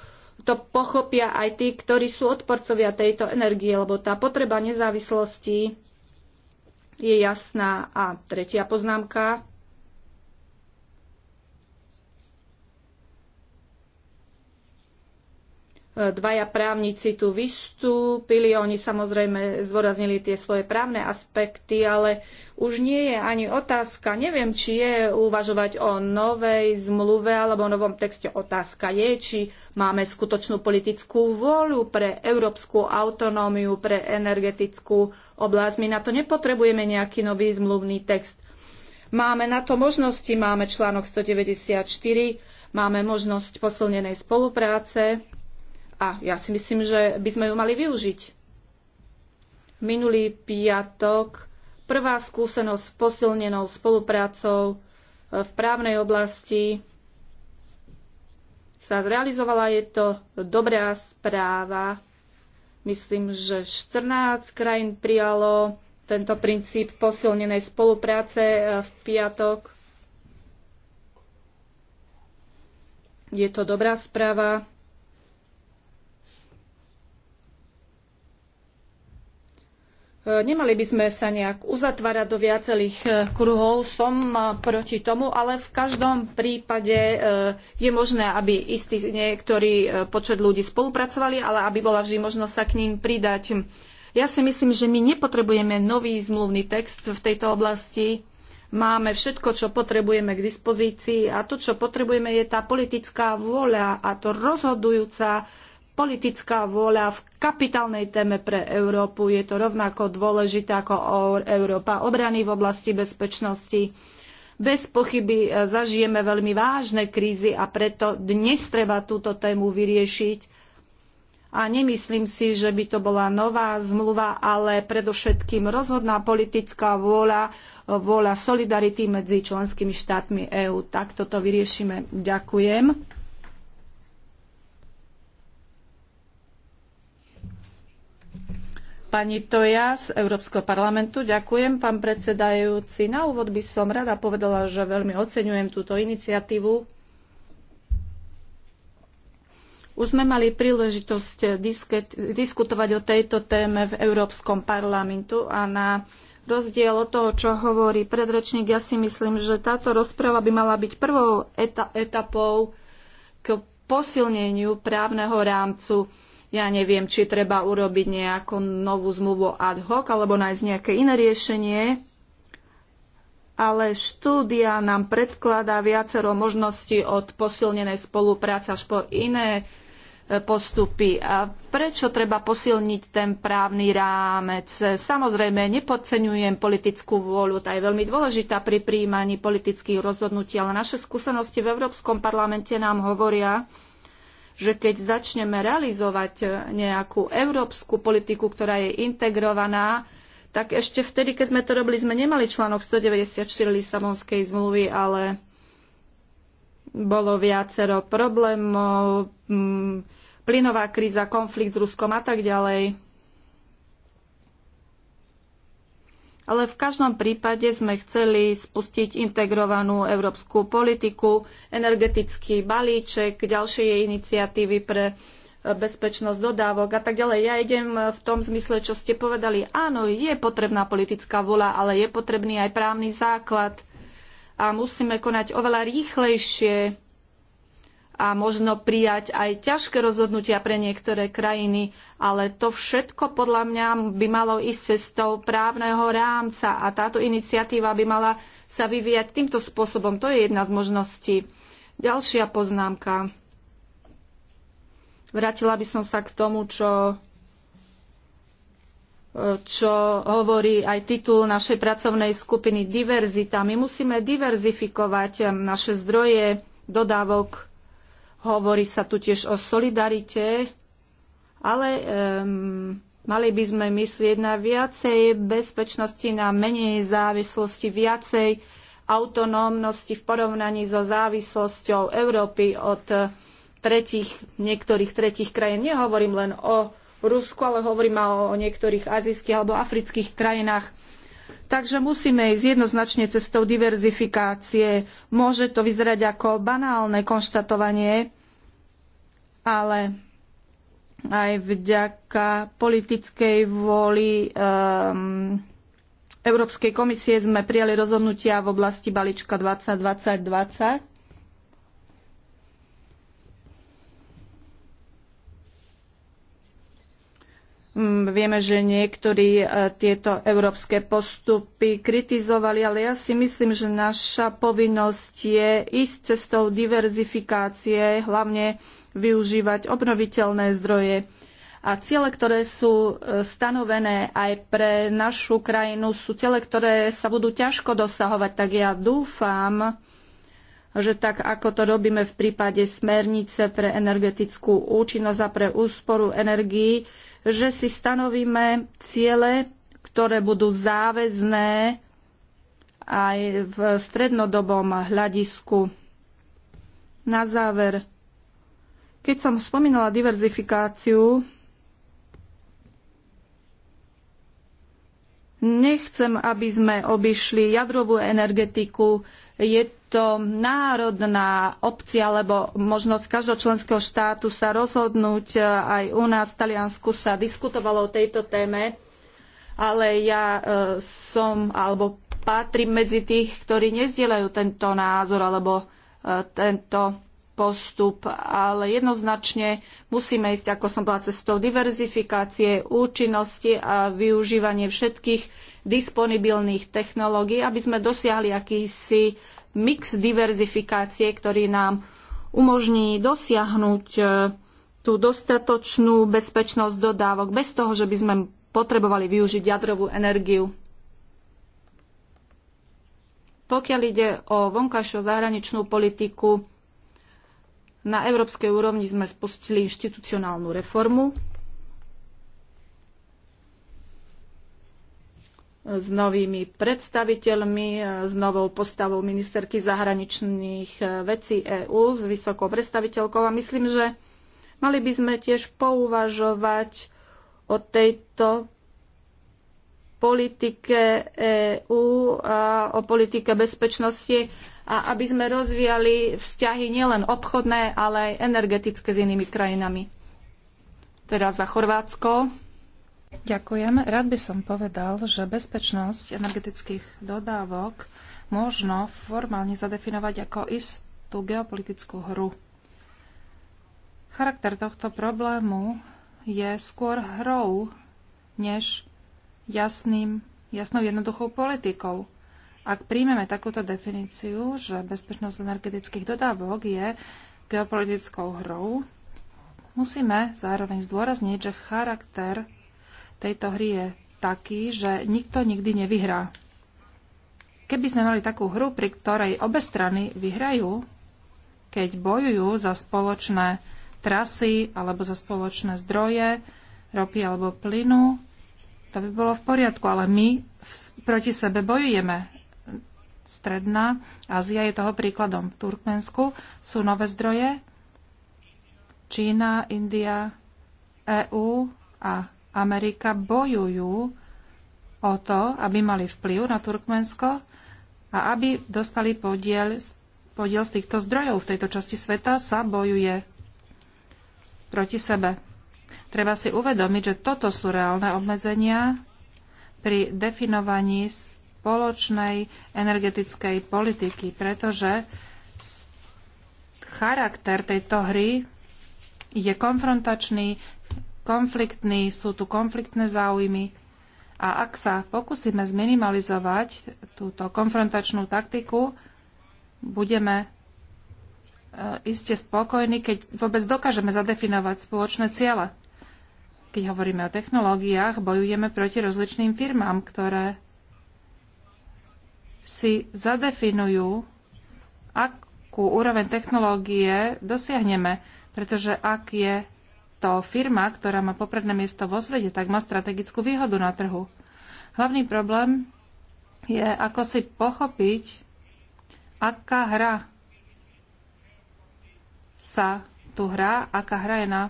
to pochopia aj tí, ktorí sú odporcovia tejto energie, lebo tá potreba nezávislosti je jasná. A tretia poznámka. Dvaja právnici tu vystúpili, oni samozrejme zdôraznili tie svoje právne aspekty, ale už nie je ani otázka, neviem, či je uvažovať o novej zmluve alebo o novom texte. Otázka je, či máme skutočnú politickú vôľu pre európsku autonómiu, pre energetickú oblasť. My na to nepotrebujeme nejaký nový zmluvný text. Máme na to možnosti, máme článok 194, máme možnosť posilnenej spolupráce, a ja si myslím, že by sme ju mali využiť. Minulý piatok prvá skúsenosť s posilnenou spoluprácou e, v právnej oblasti sa zrealizovala. Je to dobrá správa. Myslím, že 14 krajín prijalo tento princíp posilnenej spolupráce e, v piatok. Je to dobrá správa. E, nemali by sme sa nejak uzatvárať do viacerých e, kruhov, som e, proti tomu, ale v každom prípade je možné, aby istý niektorý počet ľudí spolupracovali, ale aby bola vždy možnosť sa k ním pridať. Ja si myslím, že my nepotrebujeme nový zmluvný text v tejto oblasti. Máme všetko, čo potrebujeme k dispozícii a to, čo potrebujeme, je tá politická vôľa a to rozhodujúca politická vôľa v kapitálnej téme pre Európu. Je to rovnako dôležité ako Európa obrany v oblasti bezpečnosti. Bez pochyby e, zažijeme veľmi vážne krízy a preto dnes treba túto tému vyriešiť. A nemyslím si, že by to bola nová zmluva, ale predovšetkým rozhodná politická vôľa, vôľa solidarity medzi členskými štátmi EÚ. Takto to vyriešime. Ďakujem. pani Toja z Európskeho parlamentu. Ďakujem, pán predsedajúci. Na úvod by som rada povedala, že veľmi oceňujem túto iniciatívu. Už sme mali príležitosť diskutovať o tejto téme v Európskom parlamentu a na rozdiel od toho, čo hovorí predrečník, ja si myslím, že táto rozprava by mala byť prvou etapou k posilneniu právneho rámcu ja neviem, či treba urobiť nejakú novú zmluvu ad hoc alebo nájsť nejaké iné riešenie, ale štúdia nám predkladá viacero možností od posilnenej spolupráce až po iné e, postupy. A prečo treba posilniť ten právny rámec? Samozrejme, nepodceňujem politickú vôľu, tá je veľmi dôležitá pri príjmaní politických rozhodnutí, ale naše skúsenosti v Európskom parlamente nám hovoria, že keď začneme realizovať eh, nejakú európsku politiku, ktorá je integrovaná, tak ešte vtedy, keď sme to robili, sme nemali článok 194 Lisabonskej zmluvy, ale bolo viacero problémov, mm, plynová kríza, konflikt s Ruskom a tak ďalej. Ale v každom prípade sme chceli spustiť integrovanú európsku politiku, energetický balíček, ďalšie iniciatívy pre e, bezpečnosť dodávok a tak ďalej. Ja idem v tom zmysle, čo ste povedali. Áno, je potrebná politická vola, ale je potrebný aj právny základ a musíme konať oveľa rýchlejšie a možno prijať aj ťažké rozhodnutia pre niektoré krajiny, ale to všetko podľa mňa by malo ísť cestou právneho rámca a táto iniciatíva by mala sa vyvíjať týmto spôsobom. To je jedna z možností. Ďalšia poznámka. Vrátila by som sa k tomu, čo čo hovorí aj titul našej pracovnej skupiny Diverzita. My musíme diverzifikovať naše zdroje dodávok Hovorí sa tu tiež o solidarite, ale um, mali by sme myslieť na viacej bezpečnosti, na menej závislosti, viacej autonómnosti v porovnaní so závislosťou Európy od eh, tretich, niektorých tretich krajín. Nehovorím len o Rusku, ale hovorím o, o niektorých azijských alebo afrických krajinách. Takže musíme ísť jednoznačne cestou diverzifikácie. Môže to vyzerať ako banálne konštatovanie, ale aj vďaka politickej vôli um, Európskej komisie sme prijali rozhodnutia v oblasti balíčka 2020-2020 Mm, vieme, že niektorí e, tieto európske postupy kritizovali, ale ja si myslím, že naša povinnosť je ísť cestou diverzifikácie, hlavne využívať obnoviteľné zdroje. A ciele, ktoré sú e, stanovené aj pre našu krajinu, sú ciele, ktoré sa budú ťažko dosahovať. Tak ja dúfam, že tak ako to robíme v prípade smernice pre energetickú účinnosť a pre úsporu energií, že si stanovíme ciele, ktoré budú záväzné aj v strednodobom hľadisku. Na záver, keď som spomínala diverzifikáciu, nechcem, aby sme obišli jadrovú energetiku, je to národná opcia, lebo možnosť každého členského štátu sa rozhodnúť. E, aj u nás v Taliansku sa diskutovalo o tejto téme, ale ja e, som alebo patrím medzi tých, ktorí nezdielajú tento názor alebo e, tento postup, ale jednoznačne musíme ísť, ako som bola, cestou diverzifikácie, účinnosti a využívanie všetkých disponibilných technológií, aby sme dosiahli akýsi mix diverzifikácie, ktorý nám umožní dosiahnuť e, tú dostatočnú bezpečnosť dodávok bez toho, že by sme potrebovali využiť jadrovú energiu. Pokiaľ ide o vonkajšiu zahraničnú politiku, na európskej úrovni sme spustili inštitucionálnu reformu s novými predstaviteľmi, e, s novou postavou ministerky zahraničných e, vecí EÚ, s vysokou predstaviteľkou a myslím, že mali by sme tiež pouvažovať o tejto politike EÚ a o politike bezpečnosti a aby sme rozvíjali vzťahy nielen obchodné, ale aj energetické s inými krajinami. Teraz za Chorvátsko. Ďakujem. Rád by som povedal, že bezpečnosť energetických dodávok možno formálne zadefinovať ako istú geopolitickú hru. Charakter tohto problému je skôr hrou, než jasným, jasnou jednoduchou politikou. Ak príjmeme takúto definíciu, že bezpečnosť energetických dodávok je geopolitickou hrou, musíme zároveň zdôrazniť, že charakter tejto hry je taký, že nikto nikdy nevyhrá. Keby sme mali takú hru, pri ktorej obe strany vyhrajú, keď bojujú za spoločné trasy alebo za spoločné zdroje, ropy alebo plynu, to by bolo v poriadku, ale my proti sebe bojujeme. Stredná Ázia je toho príkladom. V Turkmensku sú nové zdroje Čína, India, EÚ a Amerika bojujú o to, aby mali vplyv na Turkmensko a aby dostali podiel, podiel z týchto zdrojov. V tejto časti sveta sa bojuje proti sebe. Treba si uvedomiť, že toto sú reálne obmedzenia pri definovaní spoločnej energetickej politiky, pretože charakter tejto hry je konfrontačný, konfliktný, sú tu konfliktné záujmy a ak sa pokúsime zminimalizovať túto konfrontačnú taktiku, budeme e, iste spokojní, keď vôbec dokážeme zadefinovať spoločné ciele. Keď hovoríme o technológiách, bojujeme proti rozličným firmám, ktoré si zadefinujú, akú úroveň technológie dosiahneme, pretože ak je to firma, ktorá má popredné miesto vo svete, tak má strategickú výhodu na trhu. Hlavný problém je, ako si pochopiť, aká hra sa tu hrá, aká hra je na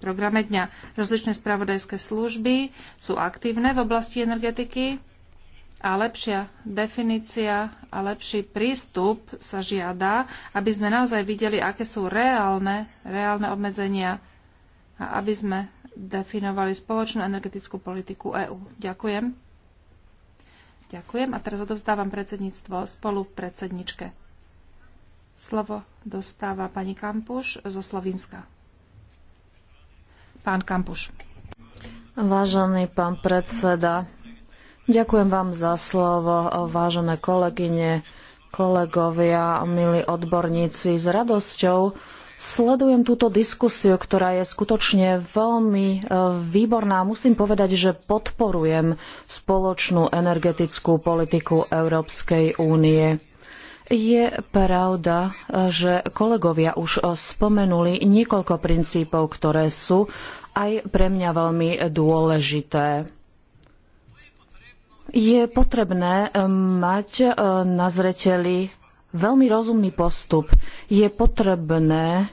programe dňa. Rozličné spravodajské služby sú aktívne v oblasti energetiky a lepšia definícia a lepší prístup sa žiada, aby sme naozaj videli, aké sú reálne, reálne obmedzenia a aby sme definovali spoločnú energetickú politiku EÚ. Ďakujem. Ďakujem a teraz odovzdávam predsedníctvo spolu predsedničke. Slovo dostáva pani Kampuš zo Slovenska. Pán Kampuš. Vážený pán predseda, Ďakujem vám za slovo, vážené kolegyne, kolegovia, milí odborníci. S radosťou sledujem túto diskusiu, ktorá je skutočne veľmi e, výborná. Musím povedať, že podporujem spoločnú energetickú politiku Európskej únie. Je pravda, že kolegovia už spomenuli niekoľko princípov, ktoré sú aj pre mňa veľmi dôležité je potrebné mať e, na zreteli veľmi rozumný postup. Je potrebné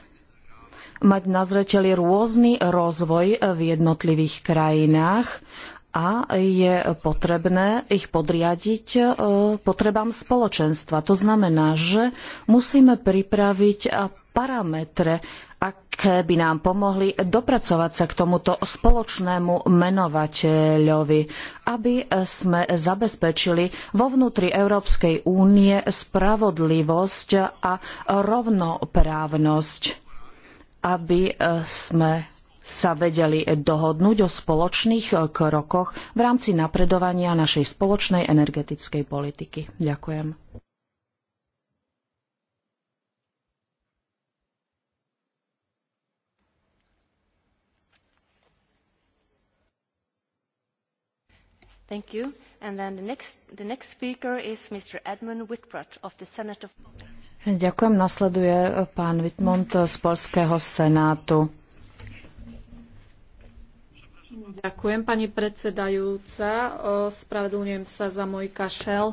mať na zreteli rôzny rozvoj v jednotlivých krajinách a je potrebné ich podriadiť e, potrebám spoločenstva. To znamená, že musíme pripraviť parametre ak by nám pomohli dopracovať sa k tomuto spoločnému menovateľovi, aby sme zabezpečili vo vnútri Európskej únie spravodlivosť a rovnoprávnosť, aby sme sa vedeli dohodnúť o spoločných krokoch v rámci napredovania našej spoločnej energetickej politiky. Ďakujem. Ďakujem. Nasleduje eh, pán Wittmund z Polského senátu. Ďakujem, pani predsedajúca. Spravedlňujem sa za môj kašel.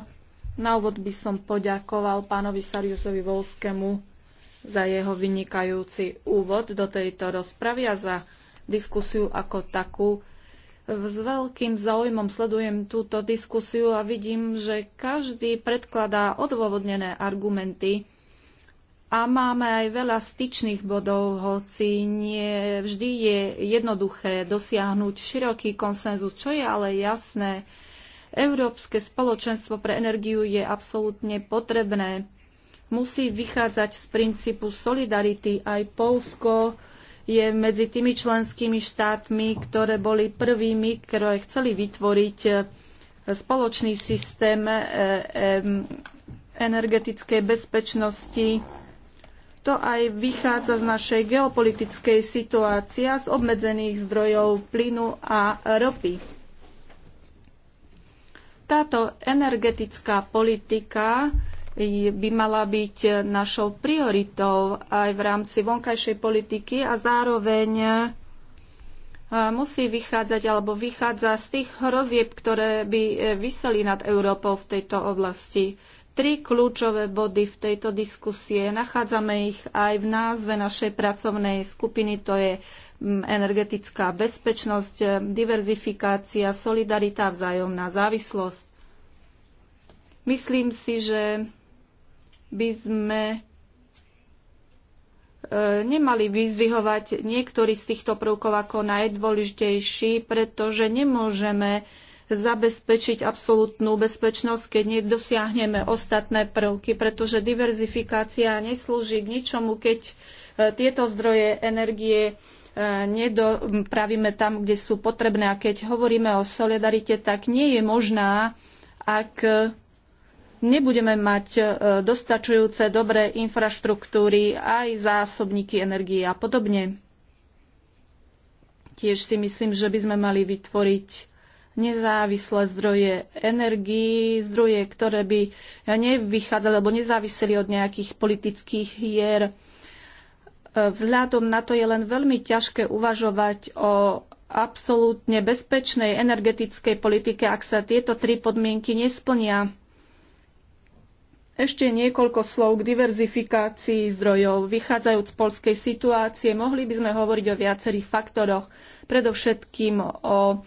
Na úvod by som poďakoval pánovi Sariusovi Volskému za jeho vynikajúci úvod do tejto rozpravy a za diskusiu ako takú. S veľkým záujmom sledujem túto diskusiu a vidím, že každý predkladá odôvodnené argumenty a máme aj veľa styčných bodov, hoci nie vždy je jednoduché dosiahnuť široký konsenzus, čo je ale jasné. Európske spoločenstvo pre energiu je absolútne potrebné. Musí vychádzať z princípu solidarity. Aj Polsko je medzi tými členskými štátmi, ktoré boli prvými, ktoré chceli vytvoriť e, spoločný systém e, e, energetickej bezpečnosti. To aj vychádza z našej geopolitickej situácie a z obmedzených zdrojov plynu a ropy. Táto energetická politika by mala byť našou prioritou aj v rámci vonkajšej politiky a zároveň e, musí vychádzať alebo vychádza z tých hrozieb, ktoré by e, vyseli nad Európou v tejto oblasti. Tri kľúčové body v tejto diskusie, nachádzame ich aj v názve našej pracovnej skupiny, to je energetická bezpečnosť, e, diverzifikácia, solidarita, vzájomná závislosť. Myslím si, že by sme e, nemali vyzvihovať niektorý z týchto prvkov ako najdôležitejší, pretože nemôžeme zabezpečiť absolútnu bezpečnosť, keď nedosiahneme ostatné prvky, pretože diverzifikácia neslúži k ničomu, keď e, tieto zdroje energie e, nedopravíme tam, kde sú potrebné. A keď hovoríme o solidarite, tak nie je možná, ak nebudeme mať e, dostačujúce dobré infraštruktúry, aj zásobníky energie a podobne. Tiež si myslím, že by sme mali vytvoriť nezávislé zdroje energií, zdroje, ktoré by nevychádzali alebo nezáviseli od nejakých politických hier. E, vzhľadom na to je len veľmi ťažké uvažovať o absolútne bezpečnej energetickej politike, ak sa tieto tri podmienky nesplnia. Ešte niekoľko slov k diverzifikácii zdrojov. Vychádzajúc z polskej situácie, mohli by sme hovoriť o viacerých faktoroch, predovšetkým o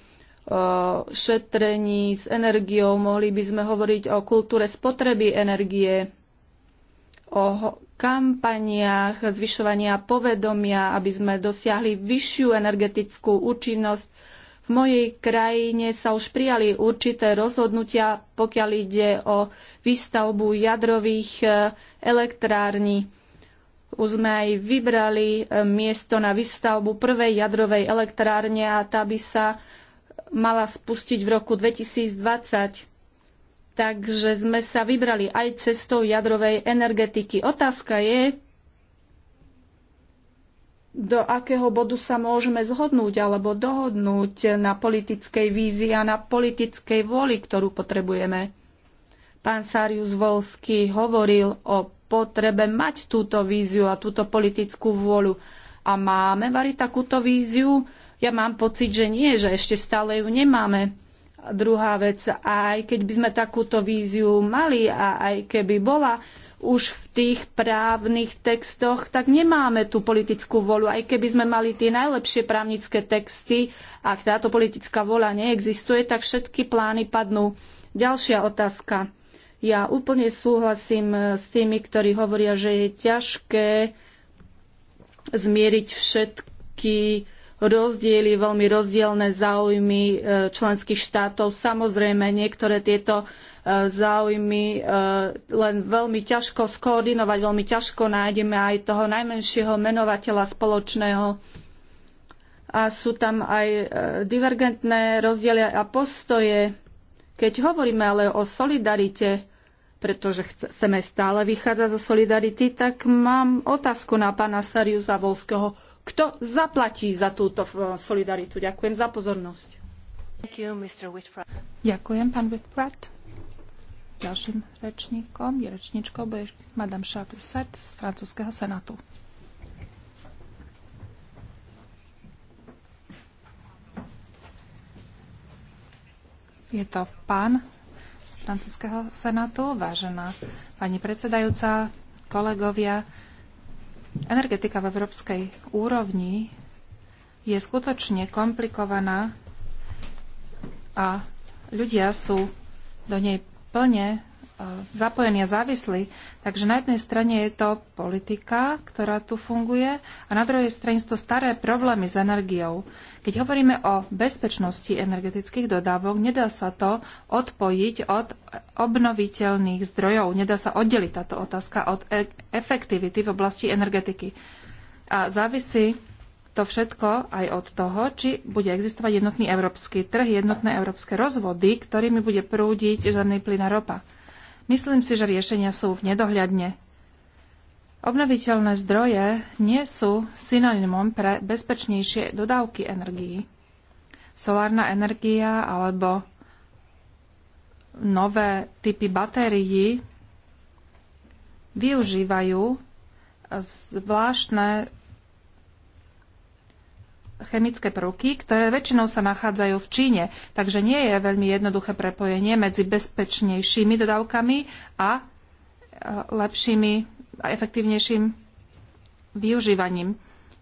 šetrení s energiou, mohli by sme hovoriť o kultúre spotreby energie, o kampaniách zvyšovania povedomia, aby sme dosiahli vyššiu energetickú účinnosť, v mojej krajine sa už prijali určité rozhodnutia, pokiaľ ide o výstavbu jadrových e, elektrární. Už sme aj vybrali e, miesto na výstavbu prvej jadrovej elektrárne a tá by sa mala spustiť v roku 2020. Takže sme sa vybrali aj cestou jadrovej energetiky. Otázka je, do akého bodu sa môžeme zhodnúť alebo dohodnúť na politickej vízii a na politickej voli, ktorú potrebujeme. Pán Sárius Volsky hovoril o potrebe mať túto víziu a túto politickú vôľu. A máme, Vary, takúto víziu? Ja mám pocit, že nie, že ešte stále ju nemáme. A druhá vec, aj keď by sme takúto víziu mali a aj keby bola, už v tých právnych textoch, tak nemáme tú politickú volu. Aj keby sme mali tie najlepšie právnické texty, ak táto politická vola neexistuje, tak všetky plány padnú. Ďalšia otázka. Ja úplne súhlasím eh, s tými, ktorí hovoria, že je ťažké zmieriť všetky rozdiely, veľmi rozdielne záujmy e, členských štátov. Samozrejme, niektoré tieto e, záujmy e, len veľmi ťažko skoordinovať, veľmi ťažko nájdeme aj toho najmenšieho menovateľa spoločného. A sú tam aj divergentné rozdiely a postoje. Keď hovoríme ale o solidarite, pretože chceme stále vychádzať zo solidarity, tak mám otázku na pána Sariusa Volského kto zaplatí za túto eh, solidaritu. Ďakujem za pozornosť. You, Ďakujem, pán Whitprat. Ďalším rečníkom je rečníčkou bude Madame Chaplisset z francúzského senátu. Je to pán z francúzského senátu, vážená pani predsedajúca, kolegovia, Energetika v európskej úrovni je skutočne komplikovaná a ľudia sú do nej plne eh, zapojení a závislí Takže na jednej strane je to politika, ktorá tu funguje, a na druhej strane sú to staré problémy s energiou. Keď hovoríme o bezpečnosti energetických dodávok, nedá sa to odpojiť od obnoviteľných zdrojov. Nedá sa oddeliť táto otázka od e efektivity v oblasti energetiky. A závisí to všetko aj od toho, či bude existovať jednotný európsky trh, jednotné európske rozvody, ktorými bude prúdiť zemný plyn a ropa. Myslím si, že riešenia sú v nedohľadne. Obnoviteľné zdroje nie sú synonymom pre bezpečnejšie dodávky energií. Solárna energia alebo nové typy batérií využívajú zvláštne chemické prvky, ktoré väčšinou sa nachádzajú v Číne, takže nie je veľmi jednoduché prepojenie medzi bezpečnejšími dodávkami a e, lepšími a efektívnejším využívaním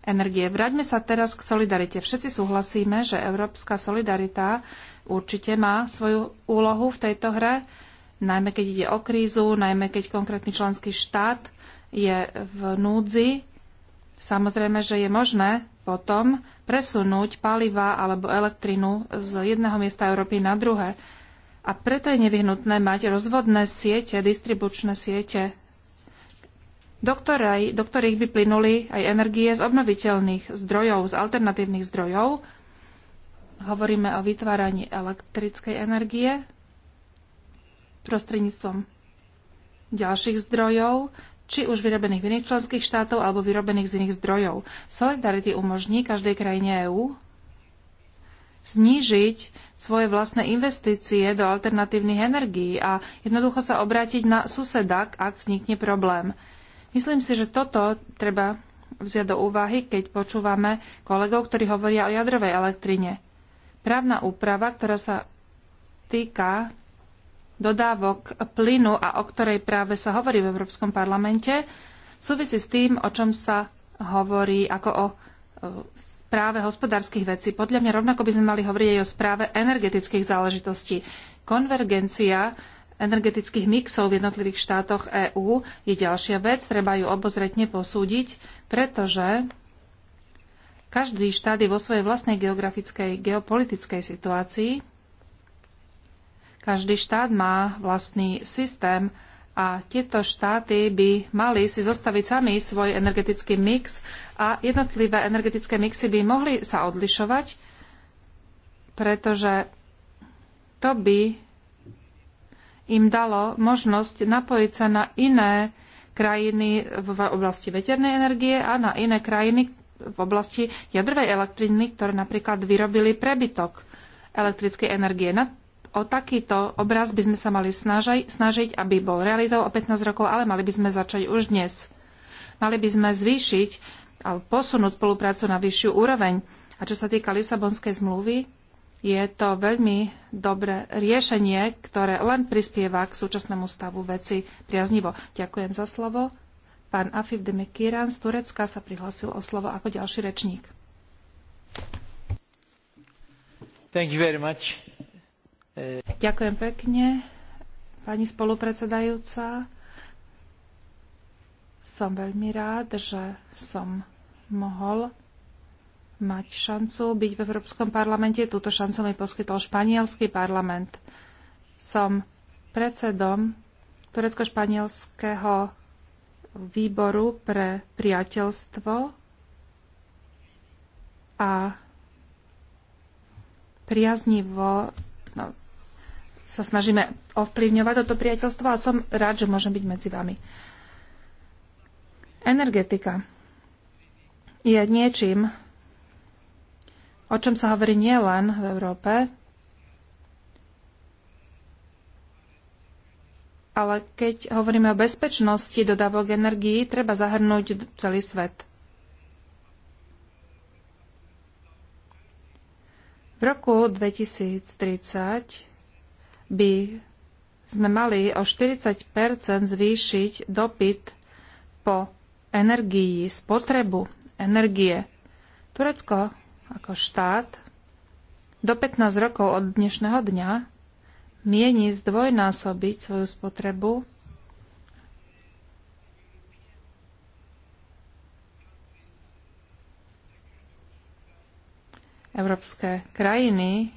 energie. Vráťme sa teraz k solidarite. Všetci súhlasíme, že európska solidarita určite má svoju úlohu v tejto hre, najmä keď ide o krízu, najmä keď konkrétny členský štát je v núdzi. Samozrejme, že je možné potom presunúť paliva alebo elektrinu z jedného miesta Európy na druhé. A preto je nevyhnutné mať rozvodné siete, distribučné siete, do, ktorej, do ktorých by plynuli aj energie z obnoviteľných zdrojov, z alternatívnych zdrojov. Hovoríme o vytváraní elektrickej energie prostredníctvom ďalších zdrojov, či už vyrobených v iných členských štátov alebo vyrobených z iných zdrojov. Solidarity umožní každej krajine EÚ znížiť svoje vlastné investície do alternatívnych energií a jednoducho sa obrátiť na suseda, ak vznikne problém. Myslím si, že toto treba vziať do úvahy, keď počúvame kolegov, ktorí hovoria o jadrovej elektrine. Právna úprava, ktorá sa týka dodávok plynu a o ktorej práve sa hovorí v Európskom parlamente, súvisí s tým, o čom sa hovorí ako o e, správe hospodárskych vecí. Podľa mňa rovnako by sme mali hovoriť aj o správe energetických záležitostí. Konvergencia energetických mixov v jednotlivých štátoch EÚ je ďalšia vec, treba ju obozretne posúdiť, pretože každý štát je vo svojej vlastnej geografickej, geopolitickej situácii každý štát má vlastný systém a tieto štáty by mali si zostaviť sami svoj energetický mix a jednotlivé energetické mixy by mohli sa odlišovať, pretože to by im dalo možnosť napojiť sa na iné krajiny v oblasti veternej energie a na iné krajiny v oblasti jadrovej elektriny, ktoré napríklad vyrobili prebytok elektrickej energie. Na o takýto obraz by sme sa mali snažiť, snažiť, aby bol realitou o 15 rokov, ale mali by sme začať už dnes. Mali by sme zvýšiť alebo posunúť spoluprácu na vyššiu úroveň. A čo sa týka Lisabonskej zmluvy, je to veľmi dobré riešenie, ktoré len prispieva k súčasnému stavu veci priaznivo. Ďakujem za slovo. Pán Afif Demekiran z Turecka sa prihlásil o slovo ako ďalší rečník. Thank you very much. Ďakujem pekne, pani spolupredsedajúca. Som veľmi rád, že som mohol mať šancu byť v Európskom parlamente. Túto šancu mi poskytol španielský parlament. Som predsedom turecko-španielského výboru pre priateľstvo a priaznivo sa snažíme ovplyvňovať toto priateľstvo a som rád, že môžem byť medzi vami. Energetika je niečím, o čom sa hovorí nielen v Európe, ale keď hovoríme o bezpečnosti dodávok energií, treba zahrnúť celý svet. V roku 2030 by sme mali o 40 zvýšiť dopyt po energii, spotrebu energie. Turecko ako štát do 15 rokov od dnešného dňa mieni zdvojnásobiť svoju spotrebu Európske krajiny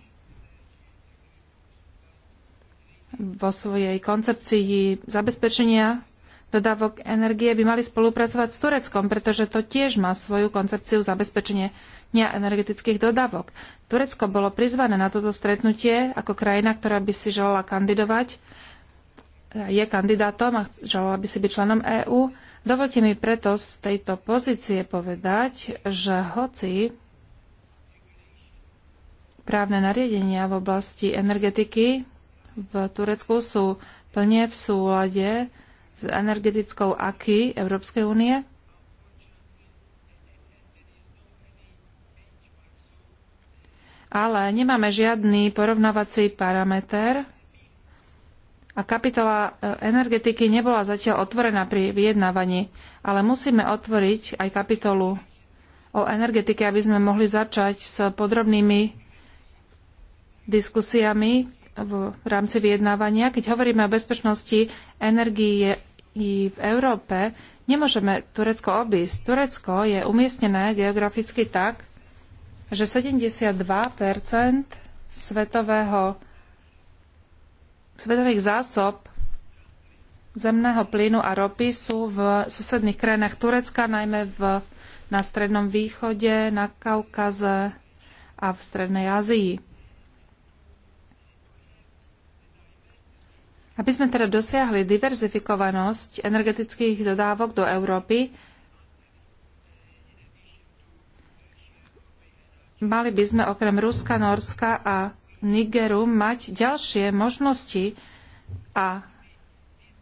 vo svojej koncepcii zabezpečenia dodávok energie by mali spolupracovať s Tureckom, pretože to tiež má svoju koncepciu zabezpečenia energetických dodávok. Turecko bolo prizvané na toto stretnutie ako krajina, ktorá by si želala kandidovať, je kandidátom a želala by si byť členom EÚ. Dovolte mi preto z tejto pozície povedať, že hoci právne nariadenia v oblasti energetiky v Turecku sú plne v súlade s energetickou aky Európskej únie? Ale nemáme žiadny porovnávací parameter a kapitola e, energetiky nebola zatiaľ otvorená pri vyjednávaní, ale musíme otvoriť aj kapitolu o energetike, aby sme mohli začať s podrobnými diskusiami v rámci vyjednávania. Keď hovoríme o bezpečnosti energii v Európe, nemôžeme Turecko obísť. Turecko je umiestnené geograficky tak, že 72 svetového, svetových zásob zemného plynu a ropy sú v susedných krajinách Turecka, najmä v, na Strednom východe, na Kaukaze a v Strednej Ázii. Aby sme teda dosiahli diverzifikovanosť energetických dodávok do Európy, mali by sme okrem Ruska, Norska a Nigeru mať ďalšie možnosti a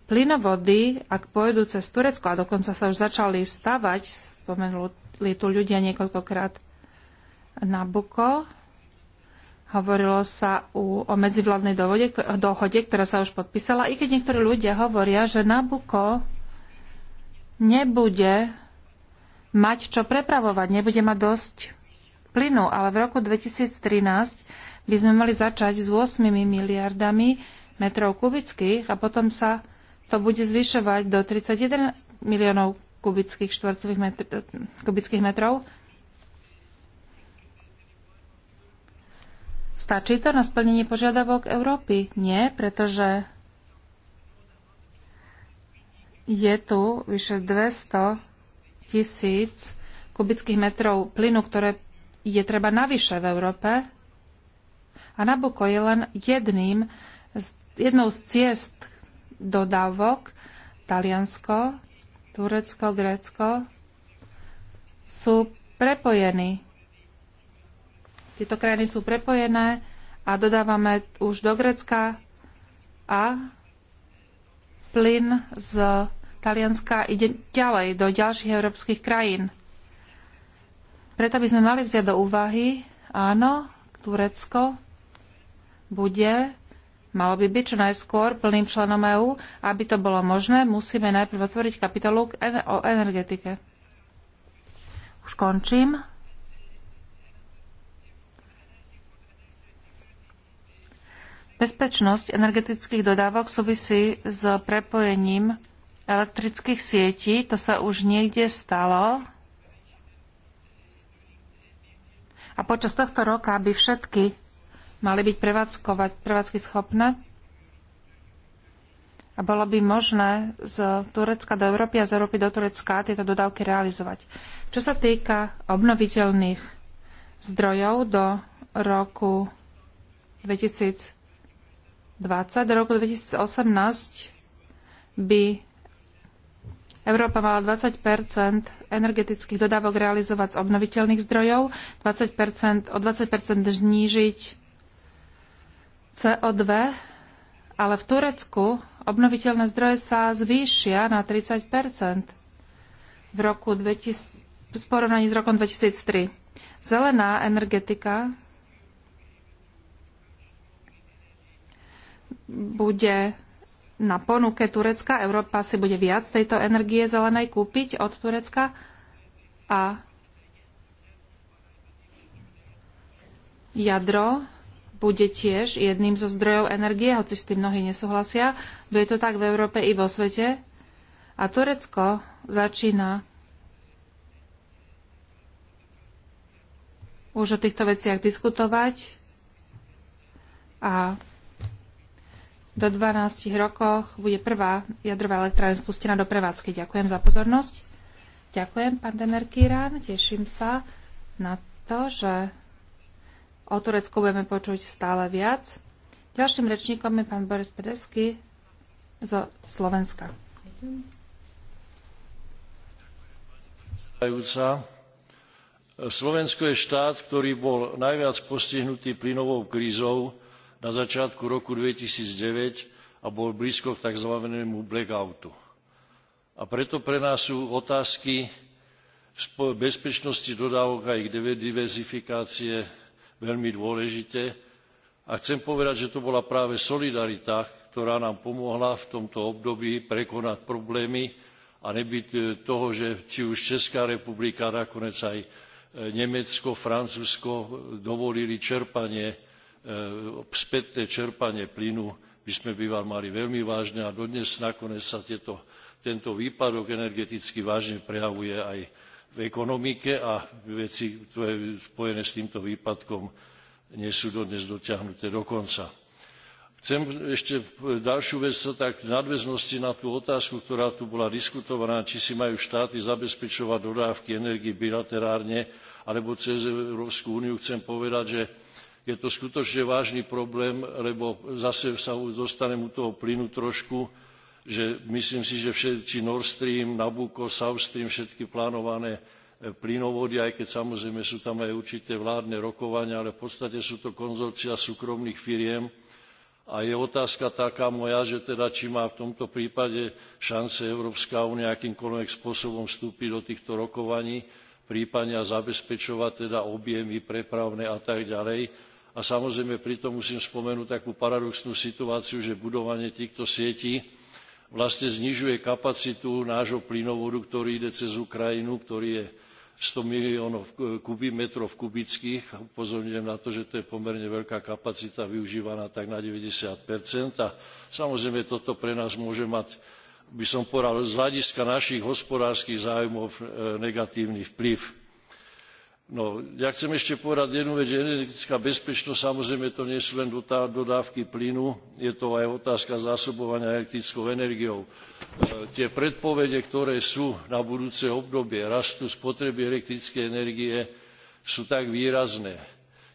plynovody, ak pôjdu cez Turecko, a dokonca sa už začali stavať, spomenuli tu ľudia niekoľkokrát Nabuko, Hovorilo sa u, o medzivládnej dohode, dohode, ktorá sa už podpísala, i keď niektorí ľudia hovoria, že Nabuko nebude mať čo prepravovať, nebude mať dosť plynu, ale v roku 2013 by sme mali začať s 8 miliardami metrov kubických a potom sa to bude zvyšovať do 31 miliónov kubických, metr, kubických metrov Stačí to na splnenie požiadavok Európy? Nie, pretože je tu vyše 200 tisíc kubických metrov plynu, ktoré je treba navyše v Európe. A Nabuko je len jedným z, jednou z ciest dodávok Taliansko, Turecko, Grécko sú prepojení tieto krajiny sú prepojené a dodávame už do Grécka a plyn z Talianska ide ďalej do ďalších európskych krajín. Preto by sme mali vziať do úvahy, áno, Turecko bude, malo by byť čo najskôr plným členom EÚ. Aby to bolo možné, musíme najprv otvoriť kapitolu o energetike. Už končím. Bezpečnosť energetických dodávok súvisí s prepojením elektrických sietí. To sa už niekde stalo. A počas tohto roka by všetky mali byť prevádzkovať, prevádzky schopné. A bolo by možné z Turecka do Európy a z Európy do Turecka tieto dodávky realizovať. Čo sa týka obnoviteľných zdrojov do roku 2020, do roku 2018 by Európa mala 20 energetických dodávok realizovať z obnoviteľných zdrojov, 20 o 20 znížiť CO2, ale v Turecku obnoviteľné zdroje sa zvýšia na 30 v roku 2000, v porovnaní s rokom 2003. Zelená energetika bude na ponuke Turecka. Európa si bude viac tejto energie zelenej kúpiť od Turecka a jadro bude tiež jedným zo zdrojov energie, hoci s tým mnohí nesúhlasia. Bude to tak v Európe i vo svete. A Turecko začína už o týchto veciach diskutovať a do 12 rokoch bude prvá jadrová elektrárna spustená do prevádzky. Ďakujem za pozornosť. Ďakujem, pán Demerkýran. Teším sa na to, že o Turecku budeme počuť stále viac. Ďalším rečníkom je pán Boris Pedesky zo Slovenska. Slovensko je štát, ktorý bol najviac postihnutý plynovou krízou na začiatku roku 2009 a bol blízko k tzv. blackoutu. A preto pre nás sú otázky bezpečnosti dodávok a ich diverzifikácie veľmi dôležité. A chcem povedať, že to bola práve solidarita, ktorá nám pomohla v tomto období prekonať problémy a nebyť e, toho, že či už Česká republika, nakoniec aj e, Nemecko, Francúzsko dovolili čerpanie E, spätné čerpanie plynu by sme bývali mali veľmi vážne a dodnes nakoniec sa tieto, tento výpadok energetický vážne prejavuje aj v ekonomike a veci ktoré spojené s týmto výpadkom nie sú dodnes dotiahnuté do konca. Chcem ešte ďalšiu vec tak v nadväznosti na tú otázku, ktorá tu bola diskutovaná, či si majú štáty zabezpečovať dodávky energii bilaterárne alebo cez Európsku úniu, chcem povedať, že je to skutočne vážny problém, lebo zase sa dostanem u toho plynu trošku, že myslím si, že všetci Nord Stream, Nabucco, South Stream, všetky plánované e, plynovody, aj keď samozrejme sú tam aj určité vládne rokovania, ale v podstate sú to konzorcia súkromných firiem, a je otázka taká moja, že teda či má v tomto prípade šance Európska únia akýmkoľvek spôsobom vstúpiť do týchto rokovaní, prípadne a zabezpečovať teda objemy prepravné a tak ďalej a samozrejme pritom musím spomenúť takú paradoxnú situáciu že budovanie týchto sietí vlastne znižuje kapacitu nášho plynovodu ktorý ide cez ukrajinu ktorý je sto miliónov kubimetrov kubických upozorňujem na to že to je pomerne veľká kapacita využívaná tak na ninety a samozrejme toto pre nás môže mať by som povedal z hľadiska našich hospodárskych záujmov e, negatívny vplyv No, ja chcem ešte povedať jednu vec, že energetická bezpečnosť, samozrejme to nie sú len dodávky plynu, je to aj otázka zásobovania elektrickou energiou. E, tie predpovede, ktoré sú na budúce obdobie rastu spotreby elektrickej energie, sú tak výrazné.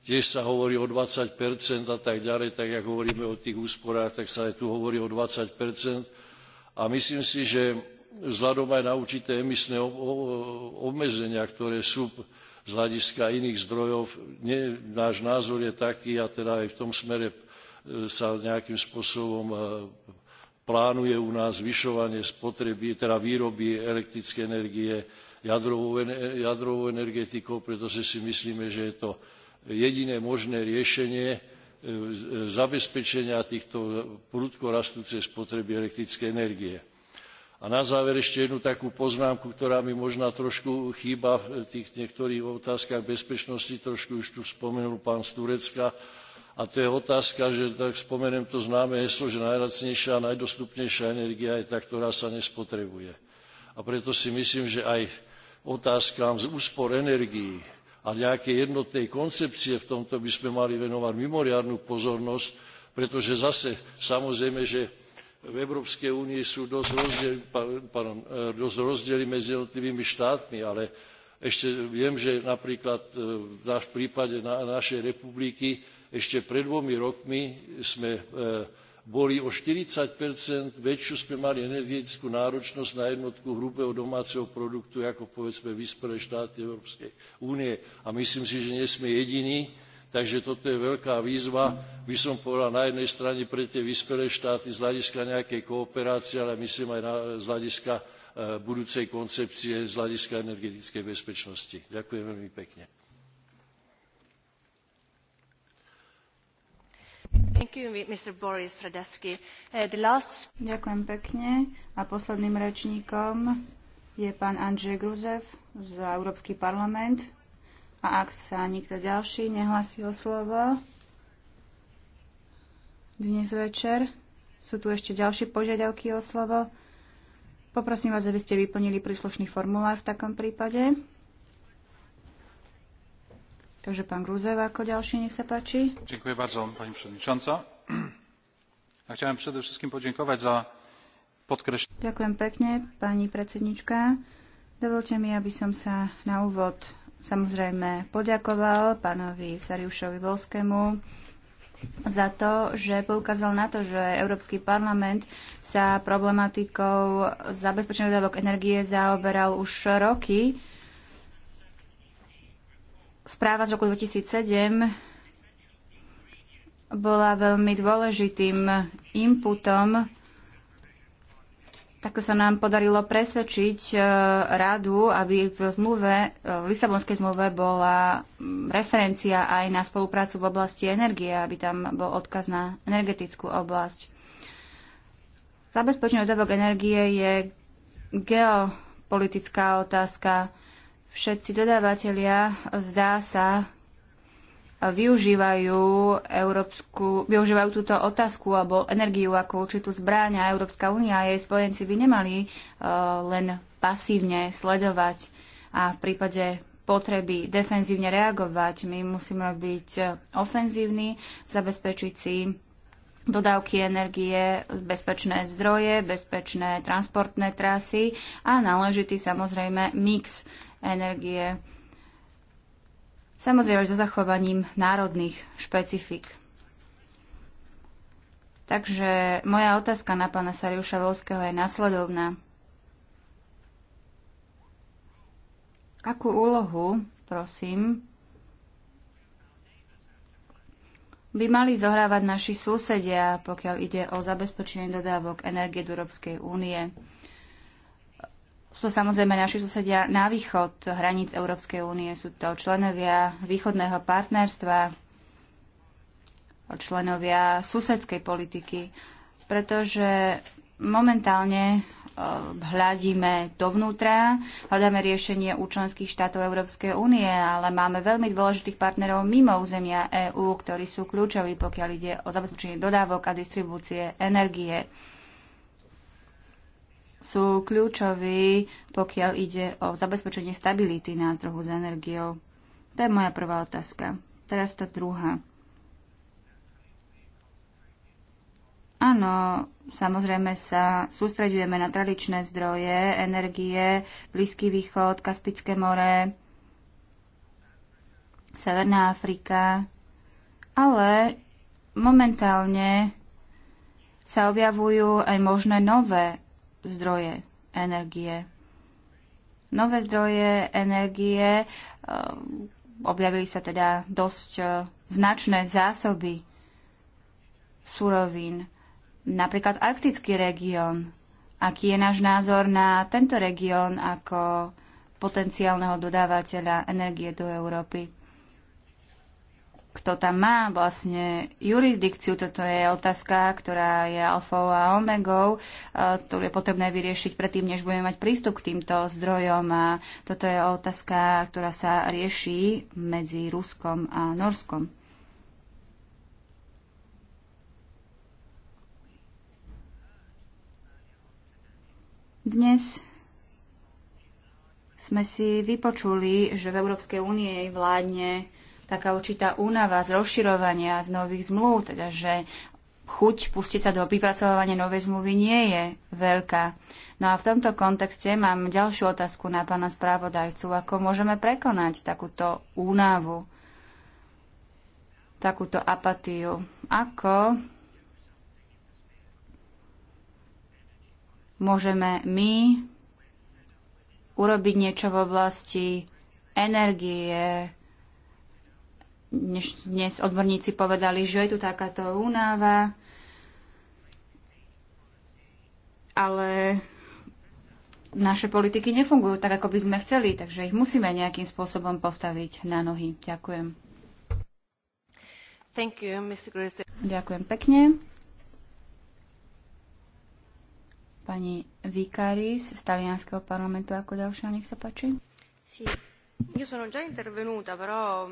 Tiež sa hovorí o 20 a tak ďalej, tak ako hovoríme o tých úsporách, tak sa aj tu hovorí o 20 A myslím si, že vzhľadom aj na určité emisné obmedzenia, ktoré sú z hľadiska iných zdrojov. Nie, náš názor je taký a teda aj v tom smere e, sa nejakým spôsobom e, plánuje u nás zvyšovanie spotreby, teda výroby elektrickej energie jadrovou, jadrovou energetikou, pretože si myslíme, že je to jediné možné riešenie e, zabezpečenia týchto prudko rastúcej spotreby elektrickej energie a na záver ešte jednu takú poznámku, ktorá mi možná trošku chýba v tých niektorých otázkach bezpečnosti, trošku už tu spomenul pán z Turecka, a to je otázka, že tak spomeniem to známe heslo, že najlacnejšia a najdostupnejšia energia je tá, ktorá sa nespotrebuje. A preto si myslím, že aj otázkam z úspor energií a nejakej jednotnej koncepcie v tomto by sme mali venovať mimoriadnu pozornosť, pretože zase samozrejme, že v Európskej únii sú e, dosť rozdiely, medzi jednotlivými štátmi, ale ešte viem, že napríklad e, v prípade našej republiky ešte pred dvomi rokmi sme e, boli o forty väčšiu sme mali energetickú náročnosť na jednotku hrubého domáceho produktu ako povedzme vyspelé štáty Európskej únie. A myslím si, že nie sme jediní, Takže toto je veľká výzva, by som povedal, na jednej strane pre tie vyspelé štáty z hľadiska nejakej kooperácie, ale myslím aj na, z hľadiska e, budúcej koncepcie, z hľadiska energetickej bezpečnosti. Ďakujem veľmi pekne. You, uh, last... Ďakujem pekne. A posledným rečníkom je pán Andrzej Gruzev za Európsky parlament. A ak sa nikto ďalší nehlasil slovo dnes večer, sú tu ešte ďalšie požiadavky o slovo. Poprosím vás, aby ste vyplnili príslušný formulár v takom prípade. Takže pán Grúzev, ako ďalší, nech sa páči. Ďakujem, bardzo, pani przewodnicząca. A chcem przede podziękować za podkreślenie. Ďakujem pekne, pani predsednička. Dovolte mi, aby som sa na úvod samozrejme poďakoval pánovi Sariušovi Volskému za to, že poukázal na to, že Európsky parlament sa problematikou zabezpečenia dodávok energie zaoberal už roky. Správa z roku 2007 bola veľmi dôležitým inputom tak sa nám podarilo presvedčiť e, radu, aby v zmluve, e, v Lisabonskej zmluve bola mm, referencia aj na spoluprácu v oblasti energie, aby tam bol odkaz na energetickú oblasť. Zabezpečenie dodávok energie je geopolitická otázka. Všetci dodávateľia, zdá sa, využívajú, európsku, využívajú túto otázku alebo energiu ako určitú zbráň a Európska únia a jej spojenci by nemali e, len pasívne sledovať a v prípade potreby defenzívne reagovať. My musíme byť ofenzívni, zabezpečiť si dodávky energie, bezpečné zdroje, bezpečné transportné trasy a náležitý samozrejme mix energie Samozrejme, so zachovaním národných špecifik. Takže moja otázka na pána Sariuša Volského je nasledovná. Akú úlohu, prosím, by mali zohrávať naši susedia, pokiaľ ide o zabezpečenie dodávok energie do Európskej únie? Sú samozrejme naši susedia na východ hraníc Európskej únie. Sú to členovia východného partnerstva, členovia susedskej politiky, pretože momentálne eh, hľadíme dovnútra, hľadáme riešenie u členských štátov Európskej únie, ale máme veľmi dôležitých partnerov mimo územia EÚ, ktorí sú kľúčoví, pokiaľ ide o zabezpečenie dodávok a distribúcie energie sú kľúčoví, pokiaľ ide o zabezpečenie stability na trhu s energiou. To je moja prvá otázka. Teraz tá druhá. Áno, samozrejme sa sústreďujeme na tradičné zdroje, energie, Blízky východ, Kaspické more, Severná Afrika, ale momentálne sa objavujú aj možné nové zdroje energie. Nové zdroje energie, e, objavili sa teda dosť e, značné zásoby surovín. Napríklad arktický región. Aký je náš názor na tento región ako potenciálneho dodávateľa energie do Európy? kto tam má vlastne jurisdikciu. Toto je otázka, ktorá je alfou a omegou, e, ktorú je potrebné vyriešiť predtým, než budeme mať prístup k týmto zdrojom. A toto je otázka, ktorá sa rieši medzi Ruskom a Norskom. Dnes sme si vypočuli, že v Európskej únie vládne taká určitá únava z rozširovania, z nových zmluv, teda že chuť pustiť sa do vypracovania novej zmluvy nie je veľká. No a v tomto kontexte mám ďalšiu otázku na pána správodajcu. Ako môžeme prekonať takúto únavu, takúto apatiu? Ako môžeme my urobiť niečo v oblasti energie, dnes, dnes odborníci povedali, že je tu takáto únava, ale naše politiky nefungujú tak, ako by sme chceli, takže ich musíme nejakým spôsobom postaviť na nohy. Ďakujem. Thank you, Mr. Ďakujem pekne. Pani Vikaris z Talianského parlamentu ako ďalšia, nech sa páči. Sì. Io sono già intervenuta, però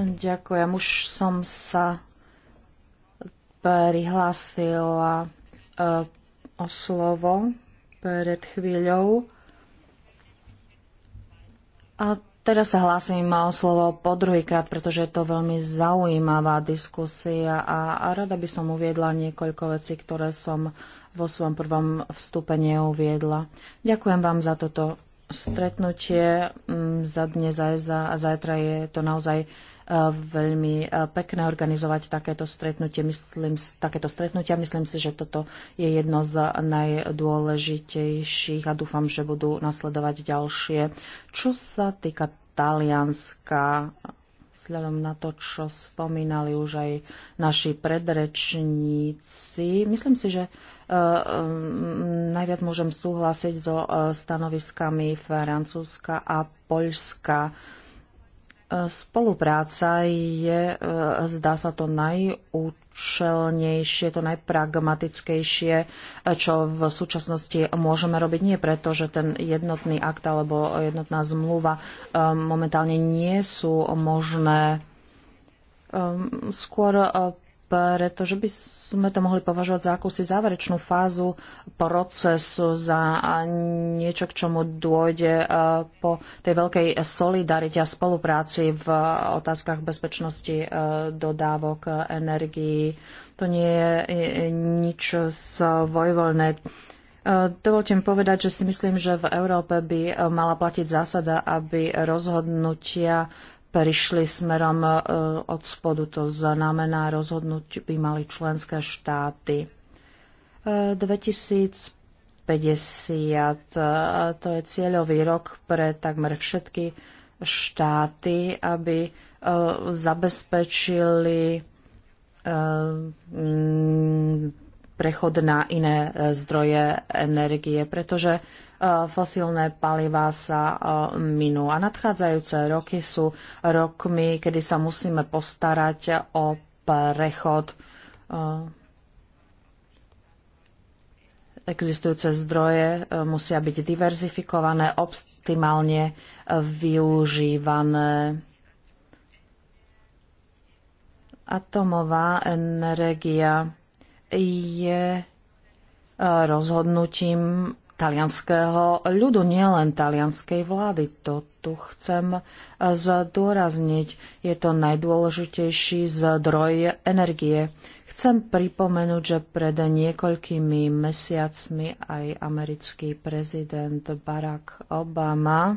Ďakujem, už som sa prihlásila e, o slovo pred chvíľou. A teraz sa hlásim o slovo po druhýkrát, pretože je to veľmi zaujímavá diskusia a, a rada by som uviedla niekoľko vecí, ktoré som vo svojom prvom vstupe neuviedla. Ďakujem vám za toto stretnutie mm, za dne, za, za, a zajtra je to naozaj e, veľmi e, pekné organizovať takéto stretnutie. Myslím, takéto stretnutia. Myslím si, že toto je jedno z najdôležitejších a dúfam, že budú nasledovať ďalšie. Čo sa týka Talianska, vzhľadom na to, čo spomínali už aj naši predrečníci. Myslím si, že e, e, najviac môžem súhlasiť so e, stanoviskami Francúzska a Poľska Spolupráca je, e, zdá sa to, najúčelnejšie, to najpragmatickejšie, e, čo v súčasnosti môžeme robiť. Nie preto, že ten jednotný akt alebo jednotná zmluva e, momentálne nie sú možné. Skôr pretože by sme to mohli považovať za akúsi záverečnú fázu procesu, za niečo, k čomu dôjde e, po tej veľkej solidarite a spolupráci v otázkach bezpečnosti e, dodávok energií. To nie je e, nič svojvoľné. Dovolte mi povedať, že si myslím, že v Európe by mala platiť zásada, aby rozhodnutia prišli smerom e, od spodu. To znamená, rozhodnúť by mali členské štáty. 2050 e, e, to je cieľový rok pre takmer všetky štáty, aby zabezpečili prechod na iné zdroje energie, pretože fosílne paliva sa e, minú. A nadchádzajúce roky sú rokmi, kedy sa musíme postarať o prechod e, existujúce zdroje e, musia byť diverzifikované, optimálne využívané. Atomová energia je rozhodnutím talianského ľudu, nielen talianskej vlády. To tu chcem e, zdôrazniť. Je to najdôležitejší zdroj energie. Chcem pripomenúť, že pred niekoľkými mesiacmi aj americký prezident Barack Obama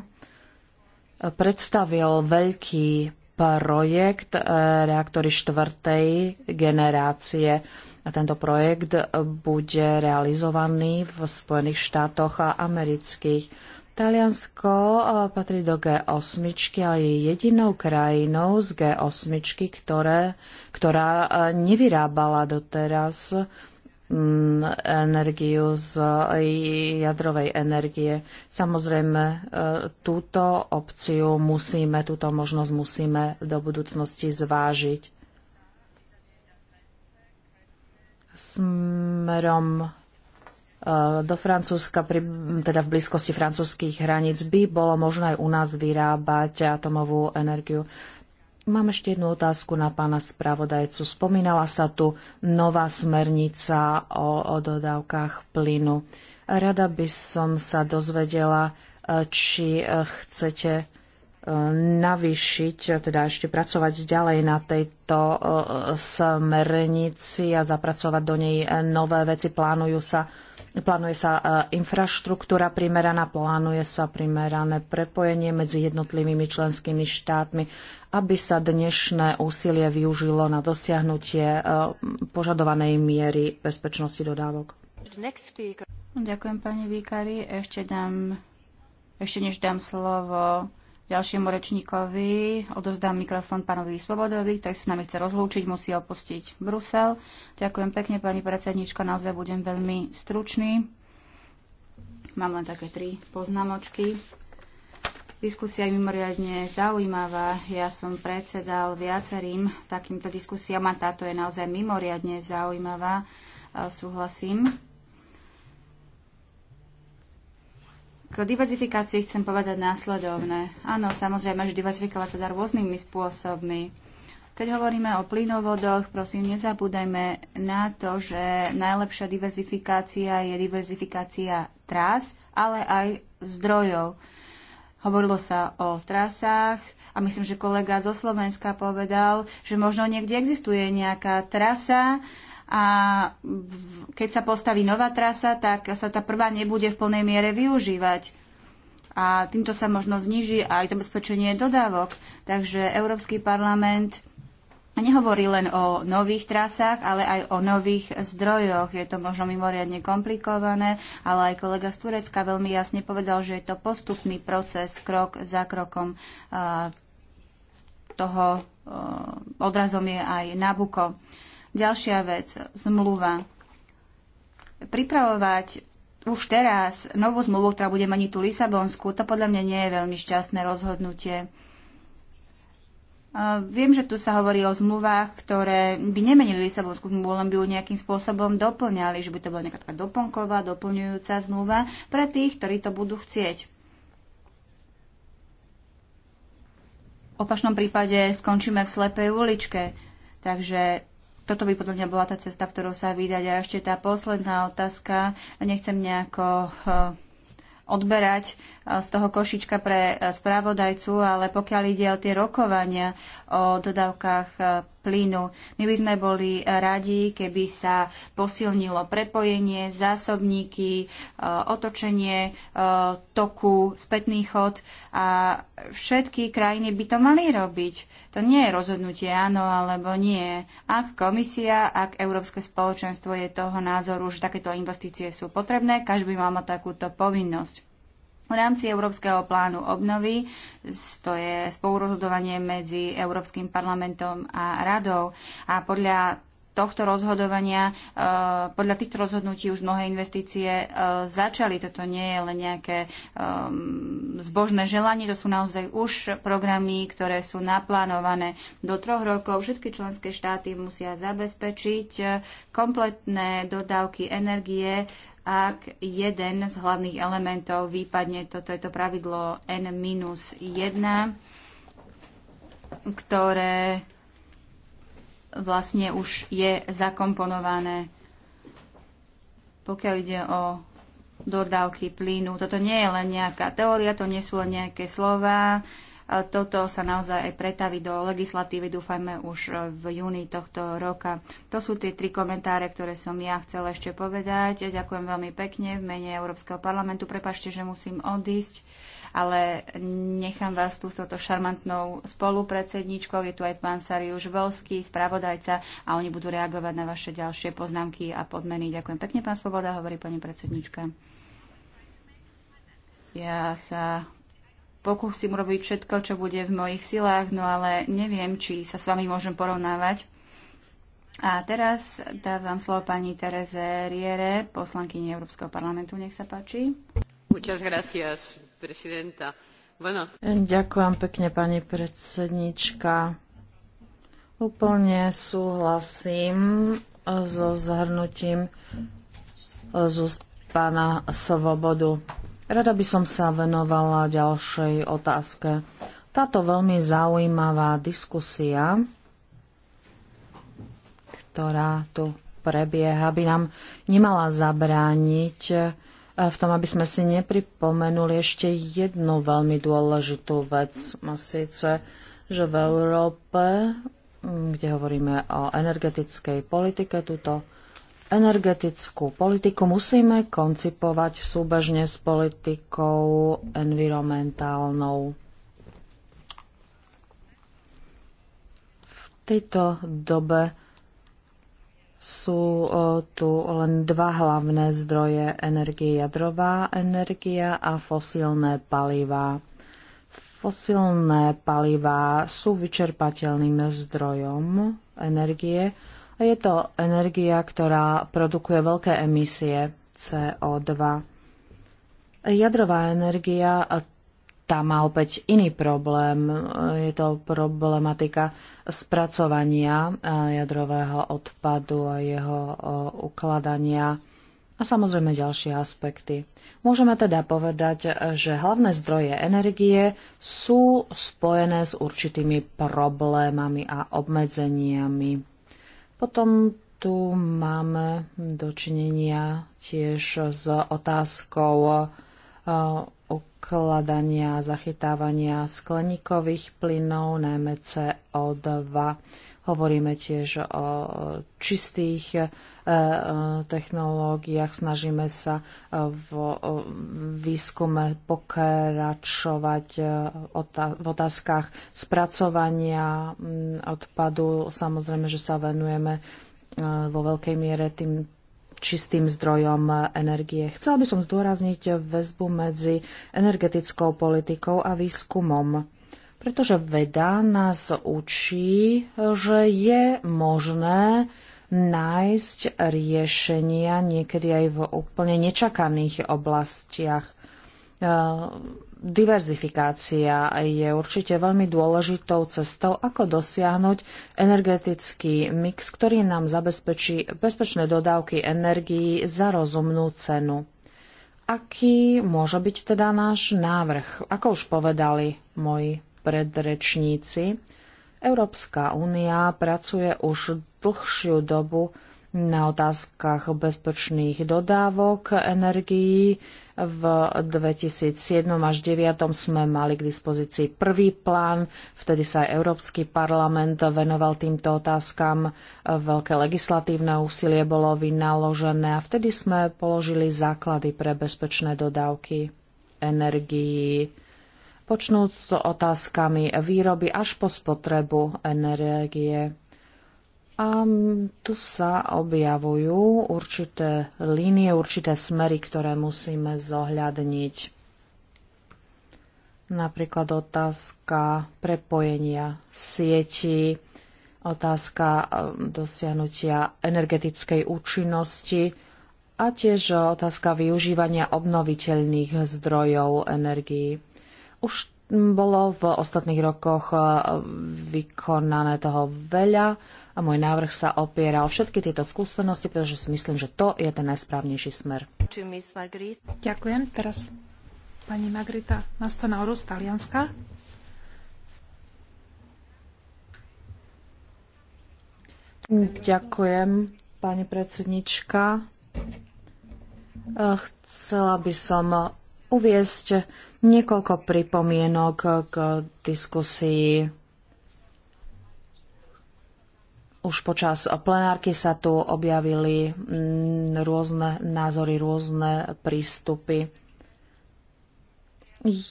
predstavil veľký projekt e, reaktory štvrtej generácie tento projekt bude realizovaný v Spojených štátoch amerických. Taliansko eh, patrí do G8 a je jedinou krajinou z G8, ktoré, ktorá eh, nevyrábala doteraz mm, energiu z eh, jadrovej energie. Samozrejme, túto opciu musíme, túto možnosť musíme do budúcnosti zvážiť. smerom e, do Francúzska, teda v blízkosti francúzských hraníc, by bolo možné aj u nás vyrábať atomovú energiu. Mám ešte jednu otázku na pána spravodajcu. Spomínala sa tu nová smernica o, o dodávkach plynu. Rada by som sa dozvedela, e, či e, chcete navyšiť, teda ešte pracovať ďalej na tejto e, smernici a zapracovať do nej nové veci. Plánujú sa, plánuje sa e, infraštruktúra primeraná, plánuje sa primerané prepojenie medzi jednotlivými členskými štátmi, aby sa dnešné úsilie využilo na dosiahnutie e, požadovanej miery bezpečnosti dodávok. Ďakujem pani Víkari. Ešte dám, ešte než dám slovo Ďalšiemu rečníkovi odovzdám mikrofón pánovi Svobodovi, ktorý sa s nami chce rozlúčiť, musí opustiť Brusel. Ďakujem pekne, pani predsednička, naozaj budem veľmi stručný. Mám len také tri poznámočky. Diskusia je mimoriadne zaujímavá. Ja som predsedal viacerým takýmto diskusiám a táto je naozaj mimoriadne zaujímavá. Súhlasím K diverzifikácii chcem povedať následovné. Áno, samozrejme, že diverzifikovať sa dá rôznymi spôsobmi. Keď hovoríme o plynovodoch, prosím, nezabúdajme na to, že najlepšia diverzifikácia je diverzifikácia trás, ale aj zdrojov. Hovorilo sa o trasách a myslím, že kolega zo Slovenska povedal, že možno niekde existuje nejaká trasa, a keď sa postaví nová trasa, tak sa tá prvá nebude v plnej miere využívať a týmto sa možno zniží aj zabezpečenie dodávok. Takže Európsky parlament nehovorí len o nových trasách, ale aj o nových zdrojoch. Je to možno mimoriadne komplikované, ale aj kolega z Turecka veľmi jasne povedal, že je to postupný proces, krok za krokom. Toho e, odrazom je aj Nabuko. Ďalšia vec, zmluva. Pripravovať už teraz novú zmluvu, ktorá bude mať tú Lisabonsku, to podľa mňa nie je veľmi šťastné rozhodnutie. Viem, že tu sa hovorí o zmluvách, ktoré by nemenili Lisabonskú zmluvu, len by ju nejakým spôsobom doplňali, že by to bola nejaká taká doplnková, doplňujúca zmluva pre tých, ktorí to budú chcieť. V opačnom prípade skončíme v slepej uličke. Takže toto by podľa mňa bola tá cesta, ktorou sa vydať. A ešte tá posledná otázka. Nechcem nejako eh, odberať eh, z toho košička pre eh, správodajcu, ale pokiaľ ide o tie rokovania o dodávkach plynu. My by sme boli radi, keby sa posilnilo prepojenie, zásobníky, e, otočenie e, toku, spätný chod a všetky krajiny by to mali robiť. To nie je rozhodnutie áno alebo nie. Ak komisia, ak Európske spoločenstvo je toho názoru, že takéto investície sú potrebné, každý by mal mať takúto povinnosť. V rámci Európskeho plánu obnovy, to je spolurozhodovanie medzi Európskym parlamentom a radou a podľa tohto rozhodovania, e, podľa týchto rozhodnutí už mnohé investície e, začali. Toto nie je len nejaké e, zbožné želanie, to sú naozaj už programy, ktoré sú naplánované do troch rokov. Všetky členské štáty musia zabezpečiť kompletné dodávky energie ak jeden z hlavných elementov výpadne toto je to pravidlo n-1, ktoré vlastne už je zakomponované, pokiaľ ide o dodávky plynu. Toto nie je len nejaká teória, to nie sú len nejaké slova, toto sa naozaj aj pretaví do legislatívy, dúfajme už e, v júni tohto roka. To sú tie tri komentáre, ktoré som ja chcela ešte povedať. Ďakujem veľmi pekne v mene Európskeho parlamentu. Prepašte, že musím odísť, ale nechám vás tu s touto šarmantnou spolupredsedničkou. Je tu aj pán Sariuš Volský, spravodajca a oni budú reagovať na vaše ďalšie poznámky a podmeny. Ďakujem pekne, pán Svoboda, hovorí pani predsednička. Ja sa pokúsim robiť všetko, čo bude v mojich silách, no ale neviem, či sa s vami môžem porovnávať. A teraz dávam slovo pani Tereze Riere, poslankyni Európskeho parlamentu. Nech sa páči. Gracias, bueno. Ďakujem pekne, pani predsednička. Úplne súhlasím so zhrnutím z úst pána Svobodu. Rada by som sa venovala ďalšej otázke. Táto veľmi zaujímavá diskusia, ktorá tu prebieha, by nám nemala zabrániť eh, v tom, aby sme si nepripomenuli ešte jednu veľmi dôležitú vec. A síce, že v Európe, mm, kde hovoríme o energetickej politike, túto energetickú politiku musíme koncipovať súbežne s politikou environmentálnou. V tejto dobe sú tu len dva hlavné zdroje energie, jadrová energia a fosílne palivá. Fosílne palivá sú vyčerpateľným zdrojom energie, je to energia, ktorá produkuje veľké emisie CO2. Jadrová energia tá má opäť iný problém. Je to problematika spracovania jadrového odpadu a jeho ukladania a samozrejme ďalšie aspekty. Môžeme teda povedať, že hlavné zdroje energie sú spojené s určitými problémami a obmedzeniami. Potom tu máme dočinenia tiež s otázkou ukladania, e, zachytávania skleníkových plynov, najmä CO2. Hovoríme tiež o čistých technológiách. Snažíme sa e, v e, výskume pokračovať e, v otázkach spracovania odpadu. Samozrejme, že sa venujeme vo veľkej miere tým čistým zdrojom energie. Chcela by som zdôrazniť väzbu medzi energetickou politikou a výskumom pretože veda nás učí, že je možné nájsť riešenia niekedy aj v úplne nečakaných oblastiach. E, diverzifikácia je určite veľmi dôležitou cestou, ako dosiahnuť energetický mix, ktorý nám zabezpečí bezpečné dodávky energií za rozumnú cenu. Aký môže byť teda náš návrh? Ako už povedali moji predrečníci, Európska únia pracuje už dlhšiu dobu na otázkach bezpečných dodávok energií. V 2007 až 2009 sme mali k dispozícii prvý plán, vtedy sa aj Európsky parlament venoval týmto otázkam, veľké legislatívne úsilie bolo vynaložené a vtedy sme položili základy pre bezpečné dodávky energií počnúc s otázkami výroby až po spotrebu energie. A tu sa objavujú určité línie, určité smery, ktoré musíme zohľadniť. Napríklad otázka prepojenia sieti, otázka um, dosiahnutia energetickej účinnosti a tiež otázka využívania obnoviteľných zdrojov energií. Už bolo v ostatných rokoch e, vykonané toho veľa a môj návrh sa opiera o všetky tieto skúsenosti, pretože si myslím, že to je ten najsprávnejší smer. Ďakujem. Teraz pani Magrita Mastonauro z Talianska. Ďakujem, pani predsednička. E, chcela by som uviesť Niekoľko pripomienok k diskusii. Už počas plenárky sa tu objavili mm, rôzne názory, rôzne prístupy.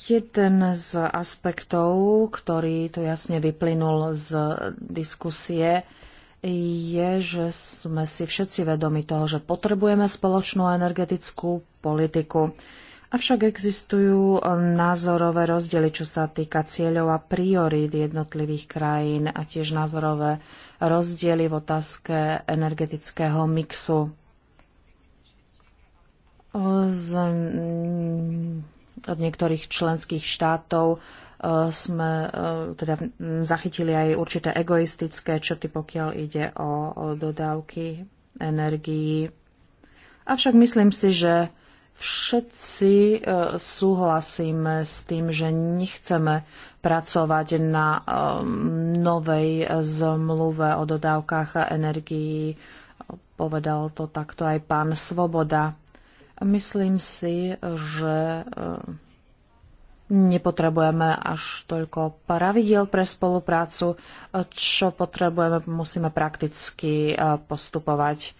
Jeden z aspektov, ktorý tu jasne vyplynul z diskusie, je, že sme si všetci vedomi toho, že potrebujeme spoločnú energetickú politiku. Avšak existujú um, názorové rozdiely, čo sa týka cieľov a priorít jednotlivých krajín a tiež názorové rozdiely v otázke energetického mixu. Z, od niektorých členských štátov uh, sme uh, teda zachytili aj určité egoistické črty, pokiaľ ide o, o dodávky energií. Avšak myslím si, že všetci e, súhlasíme s tým, že nechceme pracovať na e, novej zmluve o dodávkach energií. Povedal to takto aj pán Svoboda. Myslím si, že e, nepotrebujeme až toľko pravidiel pre spoluprácu. Čo potrebujeme, musíme prakticky postupovať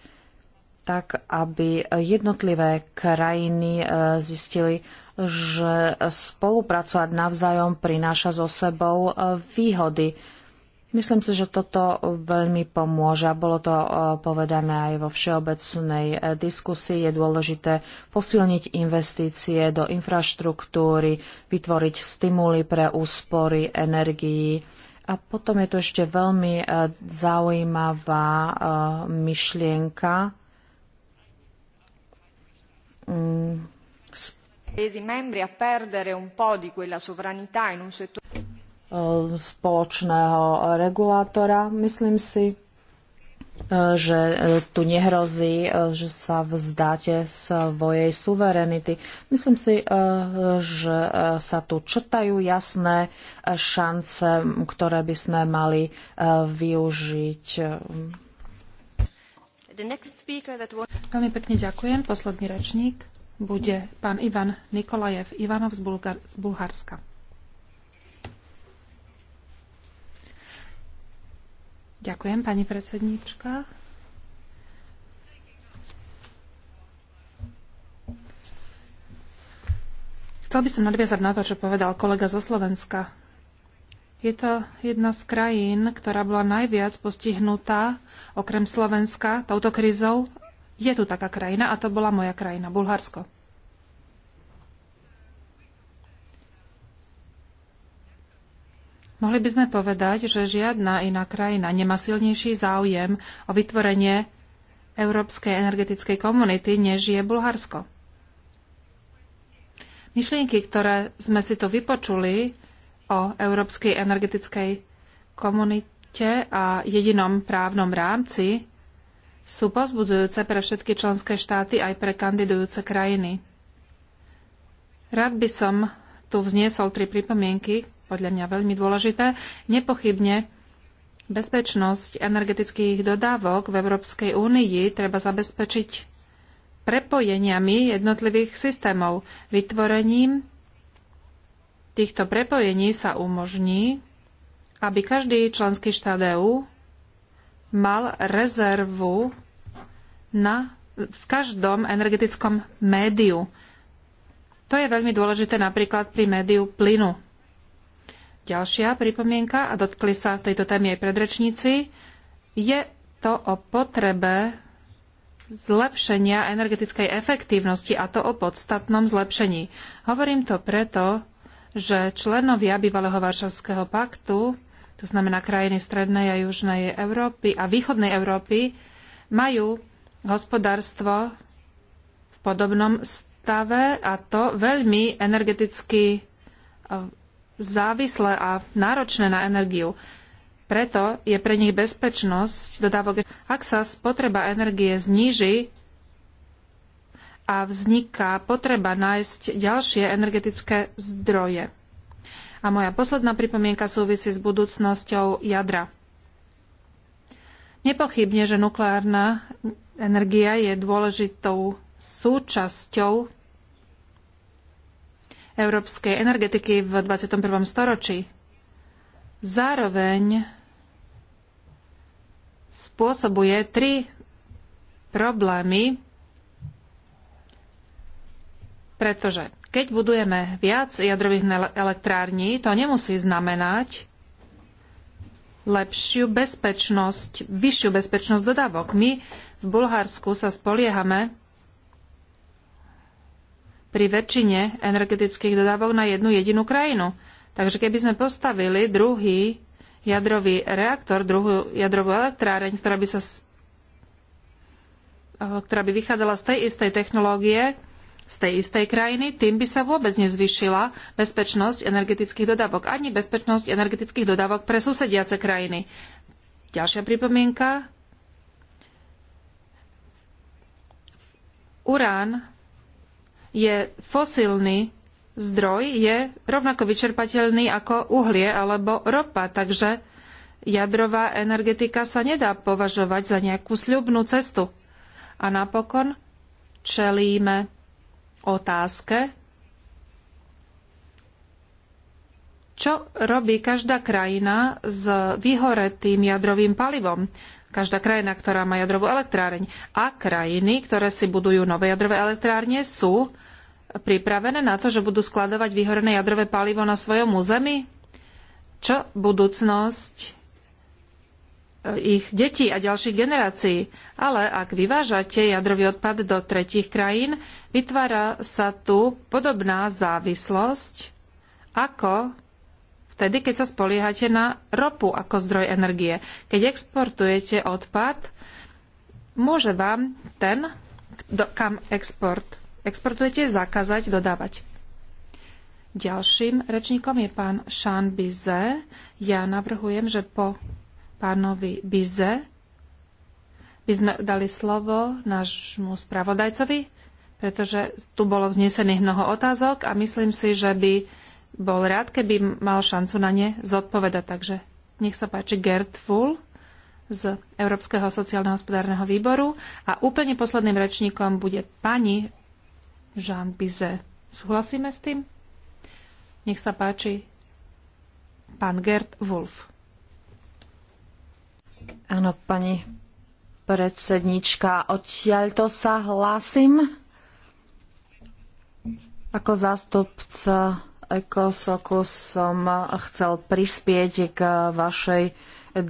tak aby jednotlivé krajiny e, zistili, že spolupracovať navzájom prináša so sebou e, výhody. Myslím si, že toto veľmi pomôže. Bolo to e, povedané aj vo všeobecnej diskusii. Je dôležité posilniť investície do infraštruktúry, vytvoriť stimuly pre úspory energií. A potom je tu ešte veľmi zaujímavá myšlienka, mm, eh, spoločného regulátora. Myslím si, eh, že eh, tu nehrozí, že sa vzdáte svojej suverenity. Myslím si, že sa tu črtajú jasné šance, ktoré by sme mali využiť Veľmi pekne ďakujem. Posledný rečník bude pán Ivan Nikolajev Ivanov z, Bulgar- z Bulharska. Ďakujem, pani predsedníčka. Chcel by som nadviazať na to, čo povedal kolega zo Slovenska. Je to jedna z krajín, ktorá bola najviac postihnutá, okrem Slovenska, touto krizou. Je tu taká krajina a to bola moja krajina, Bulharsko. Mohli by sme povedať, že žiadna iná krajina nemá silnejší záujem o vytvorenie Európskej energetickej komunity, než je Bulharsko. Myšlienky, ktoré sme si tu vypočuli, o Európskej energetickej komunite a jedinom právnom rámci sú pozbudzujúce pre všetky členské štáty aj pre kandidujúce krajiny. Rád by som tu vzniesol tri pripomienky, podľa mňa veľmi dôležité. Nepochybne bezpečnosť energetických dodávok v Európskej únii treba zabezpečiť prepojeniami jednotlivých systémov, vytvorením týchto prepojení sa umožní, aby každý členský štát EÚ mal rezervu na, v každom energetickom médiu. To je veľmi dôležité napríklad pri médiu plynu. Ďalšia pripomienka, a dotkli sa tejto témy aj predrečníci, je to o potrebe zlepšenia energetickej efektívnosti a to o podstatnom zlepšení. Hovorím to preto, že členovia bývalého Varšavského paktu, to znamená krajiny Strednej a Južnej Európy a Východnej Európy, majú hospodárstvo v podobnom stave a to veľmi energeticky e, závislé a náročné na energiu. Preto je pre nich bezpečnosť dodávok. Ak sa spotreba energie zníži, a vzniká potreba nájsť ďalšie energetické zdroje. A moja posledná pripomienka súvisí s budúcnosťou jadra. Nepochybne, že nukleárna energia je dôležitou súčasťou európskej energetiky v 21. storočí. Zároveň spôsobuje tri problémy, pretože keď budujeme viac jadrových elektrární, to nemusí znamenať lepšiu bezpečnosť, vyššiu bezpečnosť dodávok. My v Bulharsku sa spoliehame pri väčšine energetických dodávok na jednu jedinú krajinu. Takže keby sme postavili druhý jadrový reaktor, druhú jadrovú elektráreň, ktorá by, sa, ktorá by vychádzala z tej istej technológie, z tej istej krajiny, tým by sa vôbec nezvyšila bezpečnosť energetických dodávok, ani bezpečnosť energetických dodávok pre susediace krajiny. Ďalšia pripomienka. Urán je fosílny zdroj, je rovnako vyčerpateľný ako uhlie alebo ropa, takže jadrová energetika sa nedá považovať za nejakú sľubnú cestu. A napokon čelíme otázke, čo robí každá krajina s vyhoretým jadrovým palivom. Každá krajina, ktorá má jadrovú elektráreň. A krajiny, ktoré si budujú nové jadrové elektrárne, sú pripravené na to, že budú skladovať vyhorené jadrové palivo na svojom území? Čo budúcnosť ich detí a ďalších generácií. Ale ak vyvážate jadrový odpad do tretích krajín, vytvára sa tu podobná závislosť ako vtedy, keď sa spoliehate na ropu ako zdroj energie. Keď exportujete odpad, môže vám ten, kam export exportujete, zakázať dodávať. Ďalším rečníkom je pán Sean Bize. Ja navrhujem, že po pánovi Bize by sme dali slovo nášmu spravodajcovi, pretože tu bolo vznesených mnoho otázok a myslím si, že by bol rád, keby mal šancu na ne zodpovedať. Takže nech sa páči Gert Full z Európskeho sociálno-hospodárneho výboru a úplne posledným rečníkom bude pani Jean Bize. Súhlasíme s tým? Nech sa páči pán Gert Wolf. Áno, pani predsednička, odtiaľto sa hlásim ako zástupca Ekosoku som chcel prispieť k vašej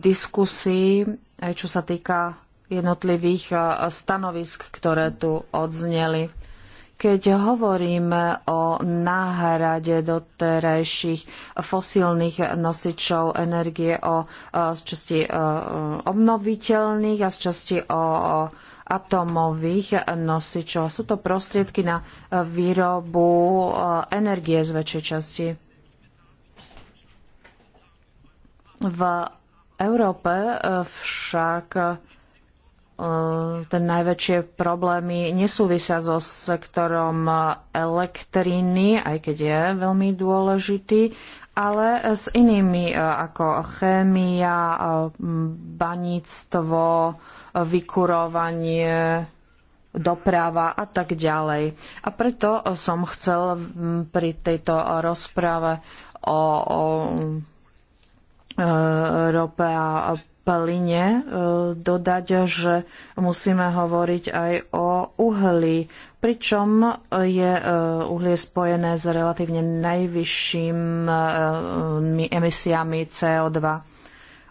diskusii, aj čo sa týka jednotlivých stanovisk, ktoré tu odzneli. Keď hovoríme o náhrade doterajších fosílnych nosičov energie o, z časti obnoviteľných a z časti o atómových nosičov. Sú to prostriedky na výrobu energie z väčšej časti. V Európe e, však E, ten najväčšie problémy nesúvisia so sektorom elektriny, aj keď je veľmi dôležitý, ale s inými e, ako chémia, e, baníctvo, vykurovanie, doprava a tak ďalej. A preto som chcel pri tejto rozprave o, o rope a plyne e, dodať, že musíme hovoriť aj o uhli, pričom je e, uhlie spojené s relatívne najvyššími e, emisiami CO2.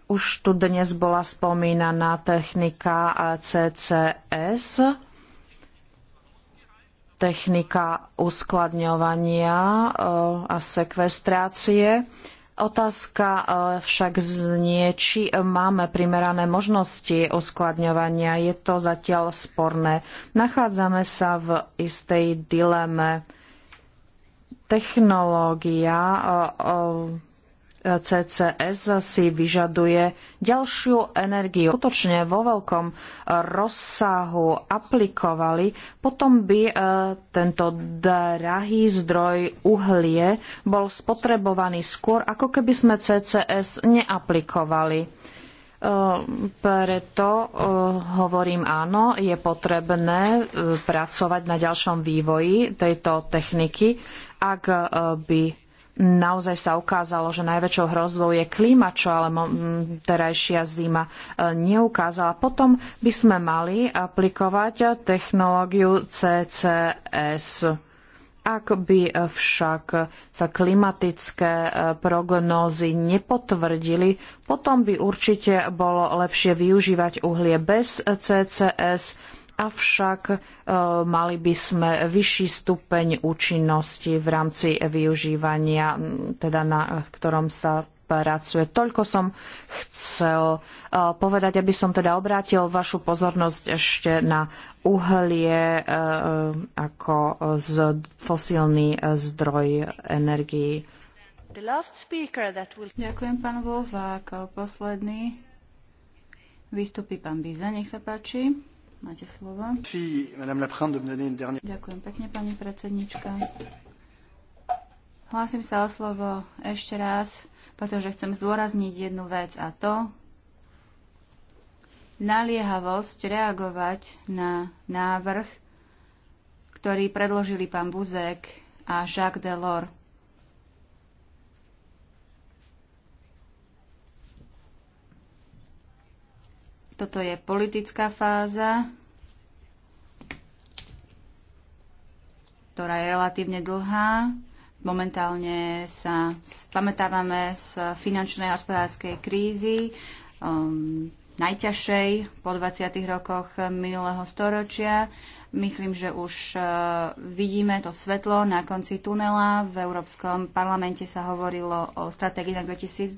Už tu dnes bola spomínaná technika CCS, technika uskladňovania a sekvestrácie. Otázka e, však znie, či máme primerané možnosti uskladňovania. Je to zatiaľ sporné. Nachádzame sa v istej dileme. Technológia e, e, CCS si vyžaduje ďalšiu energiu. Skutočne vo veľkom rozsahu aplikovali, potom by e, tento drahý zdroj uhlie bol spotrebovaný skôr, ako keby sme CCS neaplikovali e, preto e, hovorím áno, je potrebné pracovať na ďalšom vývoji tejto techniky, ak by naozaj sa ukázalo, že najväčšou hrozbou je klíma, čo ale terajšia zima e, neukázala. Potom by sme mali aplikovať technológiu CCS. Ak by však sa klimatické e, prognózy nepotvrdili, potom by určite bolo lepšie využívať uhlie bez CCS avšak e, mali by sme vyšší stupeň účinnosti v rámci využívania, teda na ktorom sa pracuje. Toľko som chcel e, povedať, aby som teda obrátil vašu pozornosť ešte na uhlie e, ako fosílny zdroj energií. Ďakujem, pán Wolf. A ako posledný vystupí pán Biza. Nech sa páči. Máte slovo. Ďakujem pekne, pani predsednička. Hlásim sa o slovo ešte raz, pretože chcem zdôrazniť jednu vec a to naliehavosť reagovať na návrh, ktorý predložili pán Buzek a Jacques Delors Toto je politická fáza, ktorá je relatívne dlhá. Momentálne sa spametávame z finančnej a hospodárskej krízy, um, najťažšej po 20. rokoch minulého storočia. Myslím, že už uh, vidíme to svetlo na konci tunela. V Európskom parlamente sa hovorilo o stratégii na 2020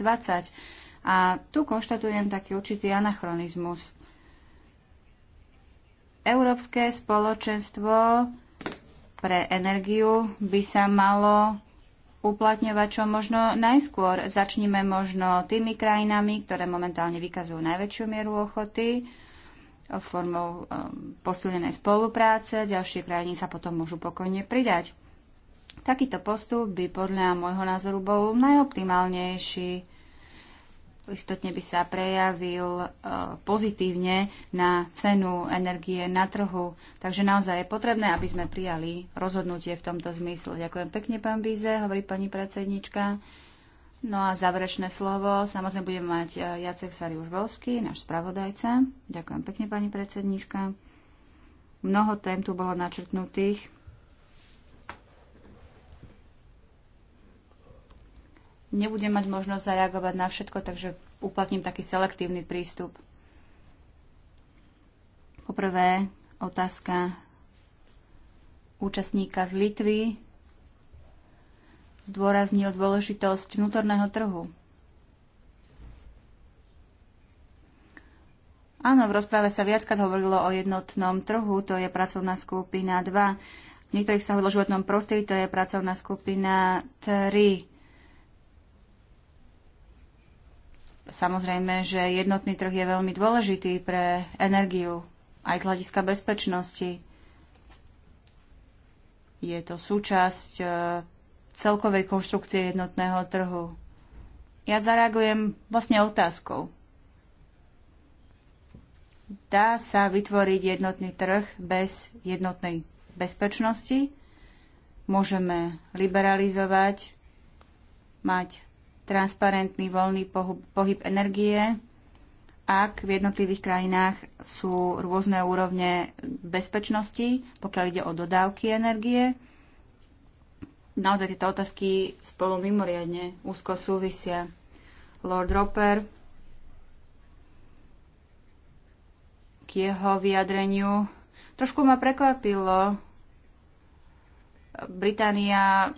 a tu konštatujem taký určitý anachronizmus. Európske spoločenstvo pre energiu by sa malo uplatňovať čo možno najskôr. Začnime možno tými krajinami, ktoré momentálne vykazujú najväčšiu mieru ochoty formou um, posilnenej spolupráce. Ďalšie krajiny sa potom môžu pokojne pridať. Takýto postup by podľa môjho názoru bol najoptimálnejší istotne by sa prejavil e, pozitívne na cenu energie na trhu. Takže naozaj je potrebné, aby sme prijali rozhodnutie v tomto zmysle. Ďakujem pekne, pán Bíze, hovorí pani predsednička. No a záverečné slovo samozrejme budeme mať e, Jacek Sariuš Volský, náš spravodajca. Ďakujem pekne, pani predsednička. Mnoho tém tu bolo načrtnutých. nebudem mať možnosť zareagovať na všetko, takže uplatním taký selektívny prístup. Poprvé otázka účastníka z Litvy zdôraznil dôležitosť vnútorného trhu. Áno, v rozpráve sa viackrát hovorilo o jednotnom trhu, to je pracovná skupina 2. V niektorých sa hovorilo o životnom prostredí, to je pracovná skupina 3. Samozrejme, že jednotný trh je veľmi dôležitý pre energiu, aj z hľadiska bezpečnosti. Je to súčasť e, celkovej konštrukcie jednotného trhu. Ja zareagujem vlastne otázkou. Dá sa vytvoriť jednotný trh bez jednotnej bezpečnosti? Môžeme liberalizovať, mať transparentný voľný pohyb, pohyb energie, ak v jednotlivých krajinách sú rôzne úrovne bezpečnosti, pokiaľ ide o dodávky energie. Naozaj tieto otázky spolu mimoriadne úzko súvisia. Lord Roper k jeho vyjadreniu trošku ma prekvapilo. Británia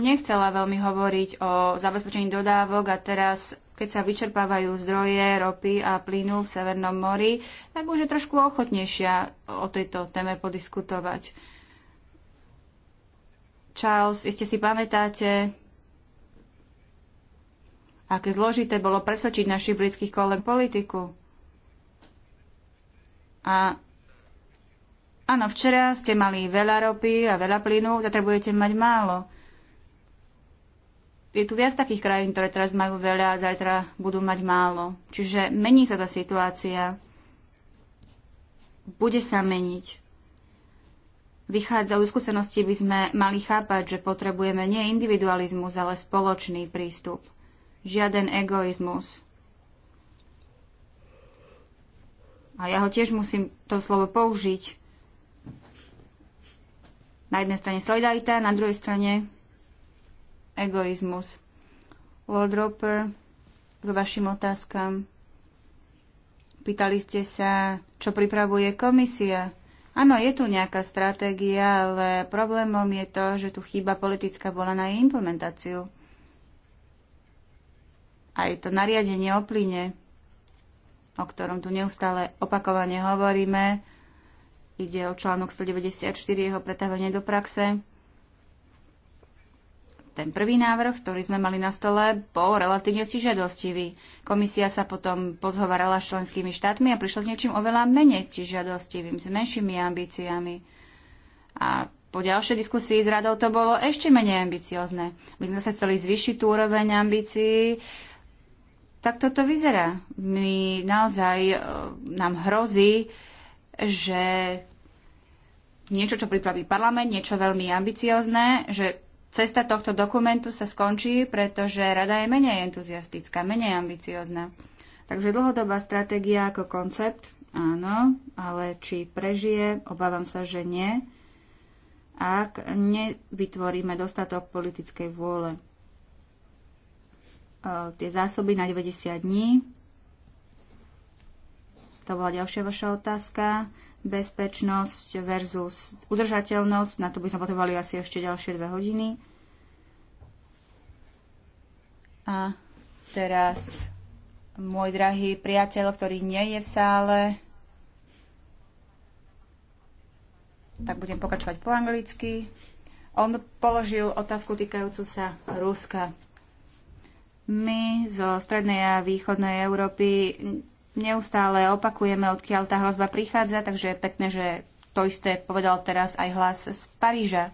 nechcela veľmi hovoriť o zabezpečení dodávok a teraz keď sa vyčerpávajú zdroje ropy a plynu v Severnom mori, tak už je trošku ochotnejšia o tejto téme podiskutovať. Charles, iste si pamätáte, aké zložité bolo presvedčiť našich britských koleg politiku. A áno, včera ste mali veľa ropy a veľa plynu, zatrebujete mať málo je tu viac takých krajín, ktoré teraz majú veľa a zajtra budú mať málo. Čiže mení sa tá situácia. Bude sa meniť. Vychádzajú skúsenosti by sme mali chápať, že potrebujeme nie individualizmus, ale spoločný prístup. Žiaden egoizmus. A ja ho tiež musím to slovo použiť. Na jednej strane solidarita, na druhej strane egoizmus. Waldroper, k vašim otázkam. Pýtali ste sa, čo pripravuje komisia. Áno, je tu nejaká stratégia, ale problémom je to, že tu chýba politická bola na jej implementáciu. Aj to nariadenie o plyne, o ktorom tu neustále opakovane hovoríme, ide o článok 194, jeho pretávanie do praxe. Ten prvý návrh, ktorý sme mali na stole, bol relatívne cižiadostivý. Komisia sa potom pozhovarala s členskými štátmi a prišla s niečím oveľa menej cižiadostivým, s menšími ambíciami. A po ďalšej diskusii s radou to bolo ešte menej ambiciozne. My sme sa chceli zvyšiť tú úroveň ambícií, tak toto vyzerá. My naozaj e, nám hrozí, že niečo, čo pripraví parlament, niečo veľmi ambiciozne, že cesta tohto dokumentu sa skončí, pretože rada je menej entuziastická, menej ambiciozná. Takže dlhodobá stratégia ako koncept, áno, ale či prežije, obávam sa, že nie, ak nevytvoríme dostatok politickej vôle. E, tie zásoby na 90 dní, to bola ďalšia vaša otázka bezpečnosť versus udržateľnosť. Na to by sme potrebovali asi ešte ďalšie dve hodiny. A teraz môj drahý priateľ, ktorý nie je v sále, tak budem pokračovať po anglicky. On položil otázku týkajúcu sa Ruska. My zo strednej a východnej Európy neustále opakujeme, odkiaľ tá hrozba prichádza, takže je pekné, že to isté povedal teraz aj hlas z Paríža.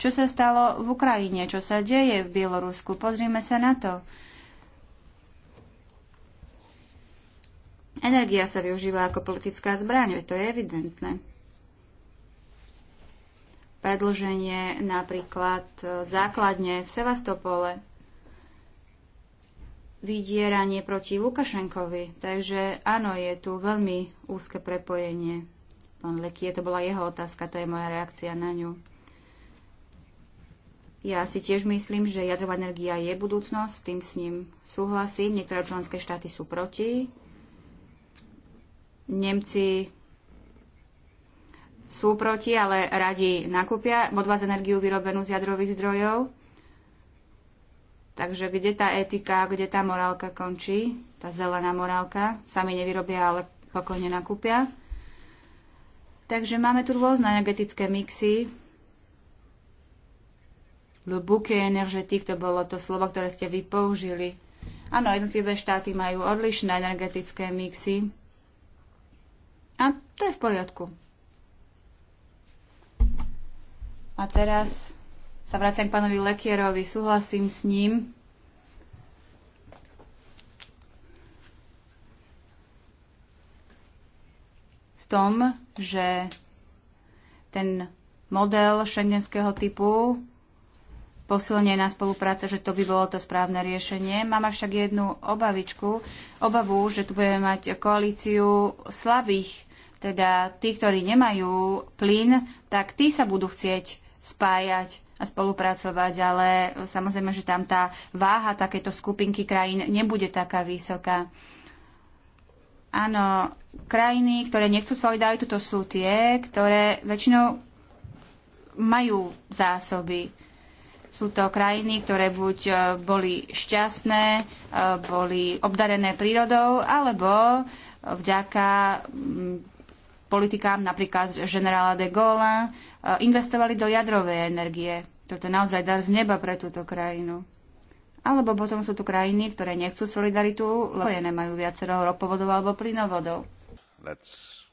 Čo sa stalo v Ukrajine? Čo sa deje v Bielorusku? Pozrime sa na to. Energia sa využíva ako politická zbraň, veď to je evidentné. Predlženie napríklad základne v Sevastopole vydieranie proti Lukašenkovi. Takže áno, je tu veľmi úzke prepojenie. Pán Lekie, to bola jeho otázka, to je moja reakcia na ňu. Ja si tiež myslím, že jadrová energia je budúcnosť, s tým s ním súhlasím. Niektoré členské štáty sú proti. Nemci sú proti, ale radi nakúpia od vás energiu vyrobenú z jadrových zdrojov. Takže kde tá etika, kde tá morálka končí, tá zelená morálka, sami nevyrobia, ale pokojne nakúpia. Takže máme tu rôzne energetické mixy. Le bouquet energetique, to bolo to slovo, ktoré ste vy použili. Áno, jednotlivé štáty majú odlišné energetické mixy. A to je v poriadku. A teraz sa vraciam k pánovi Lekierovi, súhlasím s ním. V tom, že ten model šengenského typu na spolupráce, že to by bolo to správne riešenie. Mám však jednu obavičku, obavu, že tu budeme mať koalíciu slabých, teda tí, ktorí nemajú plyn, tak tí sa budú chcieť spájať a spolupracovať, ale samozrejme, že tam tá váha takéto skupinky krajín nebude taká vysoká. Áno, krajiny, ktoré nechcú solidaritu, to sú tie, ktoré väčšinou majú zásoby. Sú to krajiny, ktoré buď e, boli šťastné, e, boli obdarené prírodou, alebo e, vďaka politikám, napríklad generála de Gaulle, e, investovali do jadrovej energie. Toto je naozaj dar z neba pre túto krajinu. Alebo potom sú tu krajiny, ktoré nechcú solidaritu, lebo je nemajú viacero ropovodov alebo plynovodov. Let's...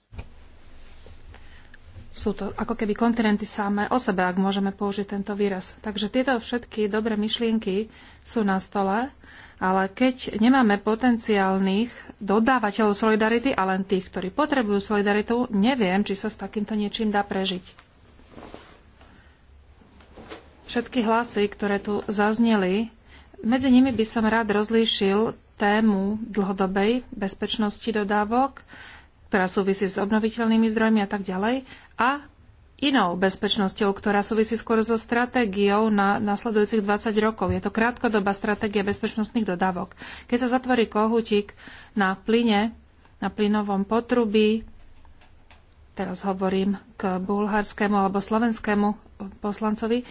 Sú to ako keby kontinenty samé o sebe, ak môžeme použiť tento výraz. Takže tieto všetky dobré myšlienky sú na stole ale keď nemáme potenciálnych dodávateľov solidarity a len tých, ktorí potrebujú solidaritu, neviem, či sa s takýmto niečím dá prežiť. Všetky hlasy, ktoré tu zazneli, medzi nimi by som rád rozlíšil tému dlhodobej bezpečnosti dodávok, ktorá súvisí s obnoviteľnými zdrojmi a tak ďalej, a inou bezpečnosťou, ktorá súvisí skôr so stratégiou na nasledujúcich 20 rokov. Je to krátkodobá stratégia bezpečnostných dodávok. Keď sa zatvorí kohútik na plyne, na plynovom potrubí, teraz hovorím k bulharskému alebo slovenskému poslancovi,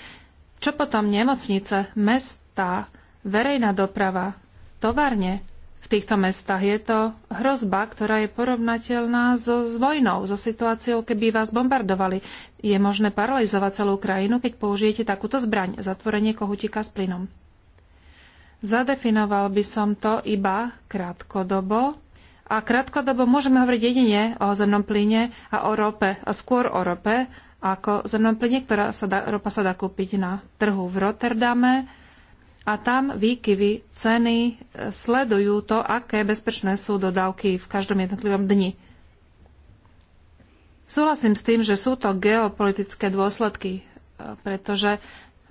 čo potom nemocnice, mesta, verejná doprava, továrne, v týchto mestách. Je to hrozba, ktorá je porovnateľná so, s vojnou, so situáciou, keby vás bombardovali. Je možné paralizovať celú krajinu, keď použijete takúto zbraň, zatvorenie kohutíka s plynom. Zadefinoval by som to iba krátkodobo. A krátkodobo môžeme hovoriť jedine o zemnom plyne a o rope, a skôr o rope, ako zemnom plyne, ktorá sa dá, ropa sa dá kúpiť na trhu v Rotterdame, a tam výkyvy ceny e, sledujú to, aké bezpečné sú dodávky v každom jednotlivom dni. Súhlasím s tým, že sú to geopolitické dôsledky, e, pretože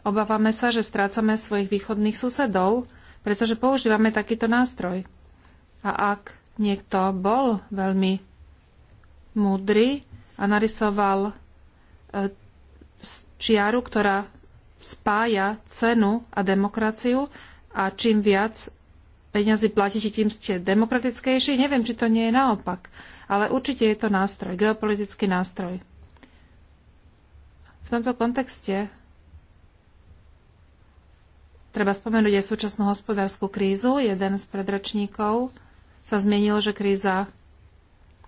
obávame sa, že strácame svojich východných susedov, pretože používame takýto nástroj. A ak niekto bol veľmi múdry a narysoval e, čiaru, ktorá spája cenu a demokraciu a čím viac peniazy platíte, tým ste demokratickejší. Neviem, či to nie je naopak, ale určite je to nástroj, geopolitický nástroj. V tomto kontexte treba spomenúť aj súčasnú hospodárskú krízu. Jeden z predračníkov sa zmienil, že kríza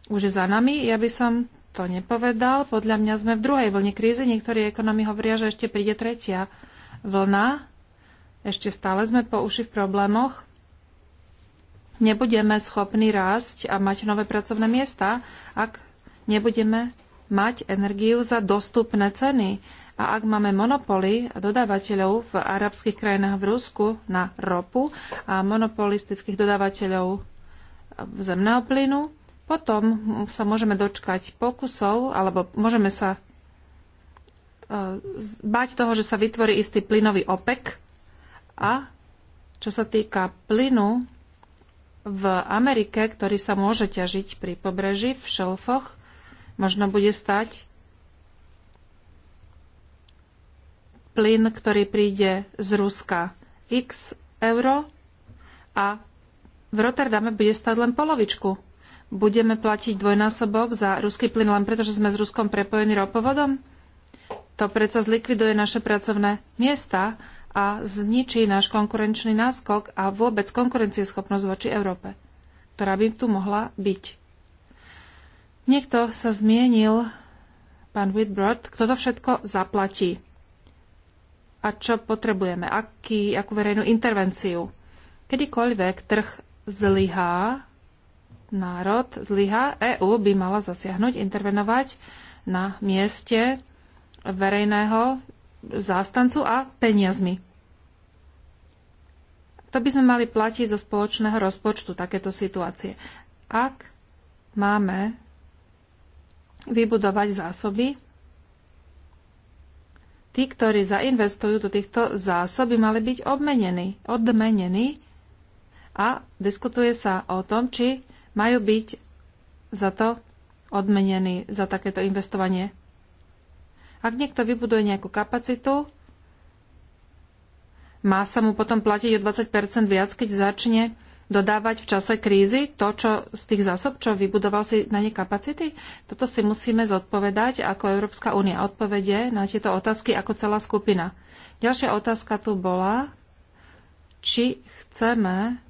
už je za nami. Ja by som to nepovedal. Podľa mňa sme v druhej vlne krízy. Niektorí ekonomi hovoria, že ešte príde tretia vlna. Ešte stále sme po uši v problémoch. Nebudeme schopní rásť a mať nové pracovné miesta, ak nebudeme mať energiu za dostupné ceny. A ak máme monopoly dodávateľov v arabských krajinách v Rusku na ropu a monopolistických dodávateľov zemného plynu, potom sa môžeme dočkať pokusov, alebo môžeme sa e, báť toho, že sa vytvorí istý plynový opek, A čo sa týka plynu v Amerike, ktorý sa môže ťažiť pri pobreží v šelfoch, možno bude stať plyn, ktorý príde z Ruska x euro a v Rotterdame bude stať len polovičku budeme platiť dvojnásobok za ruský plyn len preto, že sme s Ruskom prepojení ropovodom? To predsa zlikviduje naše pracovné miesta a zničí náš konkurenčný náskok a vôbec konkurencieschopnosť voči Európe, ktorá by tu mohla byť. Niekto sa zmienil, pán Whitbrod, kto to všetko zaplatí a čo potrebujeme, aký, akú verejnú intervenciu. Kedykoľvek trh zlyhá, národ zlyha, EÚ by mala zasiahnuť, intervenovať na mieste verejného zástancu a peniazmi. To by sme mali platiť zo spoločného rozpočtu takéto situácie. Ak máme vybudovať zásoby, tí, ktorí zainvestujú do týchto zásob, by mali byť obmenení, odmenení a diskutuje sa o tom, či majú byť za to odmenení, za takéto investovanie. Ak niekto vybuduje nejakú kapacitu, má sa mu potom platiť o 20 viac, keď začne dodávať v čase krízy to, čo z tých zásob, čo vybudoval si na ne kapacity? Toto si musíme zodpovedať ako Európska únia. Odpovede na tieto otázky ako celá skupina. Ďalšia otázka tu bola, či chceme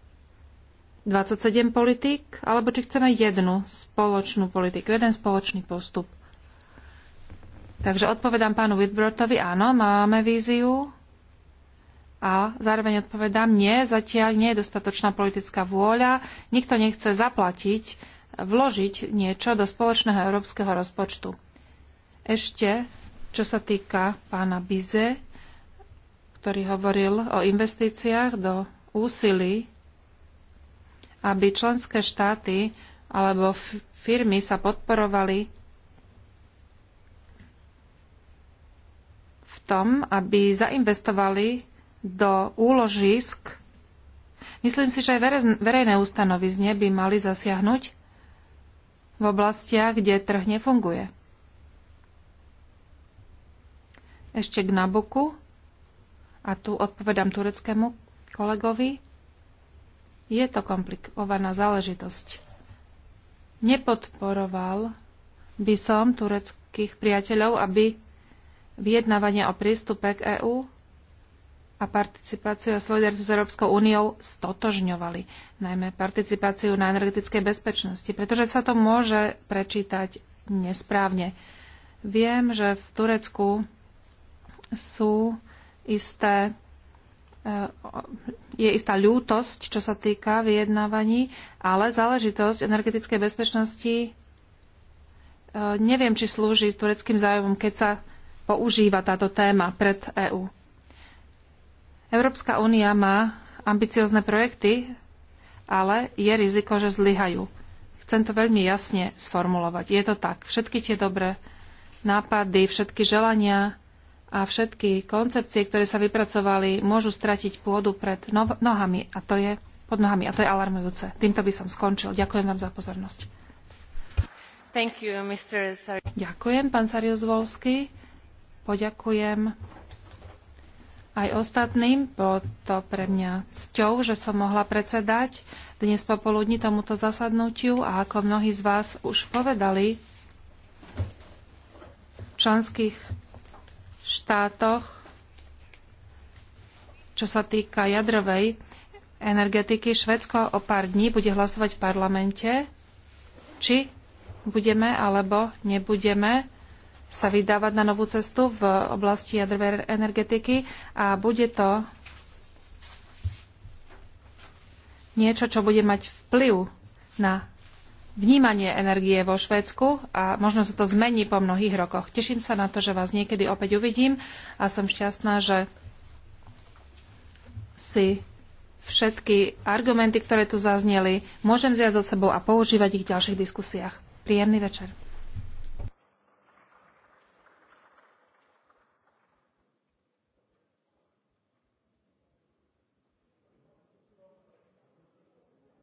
27 politik alebo či chceme jednu spoločnú politiku, jeden spoločný postup. Takže odpovedám pánu Whitbrotovi, áno, máme víziu a zároveň odpovedám, nie, zatiaľ nie je dostatočná politická vôľa, nikto nechce zaplatiť, vložiť niečo do spoločného európskeho rozpočtu. Ešte, čo sa týka pána Bize, ktorý hovoril o investíciách do úsilí aby členské štáty alebo firmy sa podporovali v tom, aby zainvestovali do úložisk. Myslím si, že aj verejné ustanovizne by mali zasiahnuť v oblastiach, kde trh nefunguje. Ešte k Nabuku. A tu odpovedám tureckému kolegovi. Je to komplikovaná záležitosť. Nepodporoval by som tureckých priateľov, aby vyjednávania o prístupe k EÚ a participáciu a solidaritu s Európskou úniou stotožňovali, najmä participáciu na energetickej bezpečnosti, pretože sa to môže prečítať nesprávne. Viem, že v Turecku sú isté E, je istá ľútosť, čo sa týka vyjednávaní, ale záležitosť energetickej bezpečnosti e, neviem, či slúži tureckým zájomom, keď sa používa táto téma pred EÚ. Európska únia má ambiciozne projekty, ale je riziko, že zlyhajú. Chcem to veľmi jasne sformulovať. Je to tak. Všetky tie dobré nápady, všetky želania, a všetky koncepcie, ktoré sa vypracovali, môžu stratiť pôdu pred nohami a to je pod nohami a to je alarmujúce. Týmto by som skončil. Ďakujem vám za pozornosť. Thank you, Mr. Sar- Ďakujem, pán Sarius Volsky. Poďakujem aj ostatným. Bolo to pre mňa cťou, že som mohla predsedať dnes popoludní tomuto zasadnutiu a ako mnohí z vás už povedali, členských štátoch, čo sa týka jadrovej energetiky. Švedsko o pár dní bude hlasovať v parlamente, či budeme alebo nebudeme sa vydávať na novú cestu v oblasti jadrovej energetiky a bude to niečo, čo bude mať vplyv na vnímanie energie vo Švédsku a možno sa to zmení po mnohých rokoch. Teším sa na to, že vás niekedy opäť uvidím a som šťastná, že si všetky argumenty, ktoré tu zazneli, môžem vziať so sebou a používať ich v ďalších diskusiách. Príjemný večer.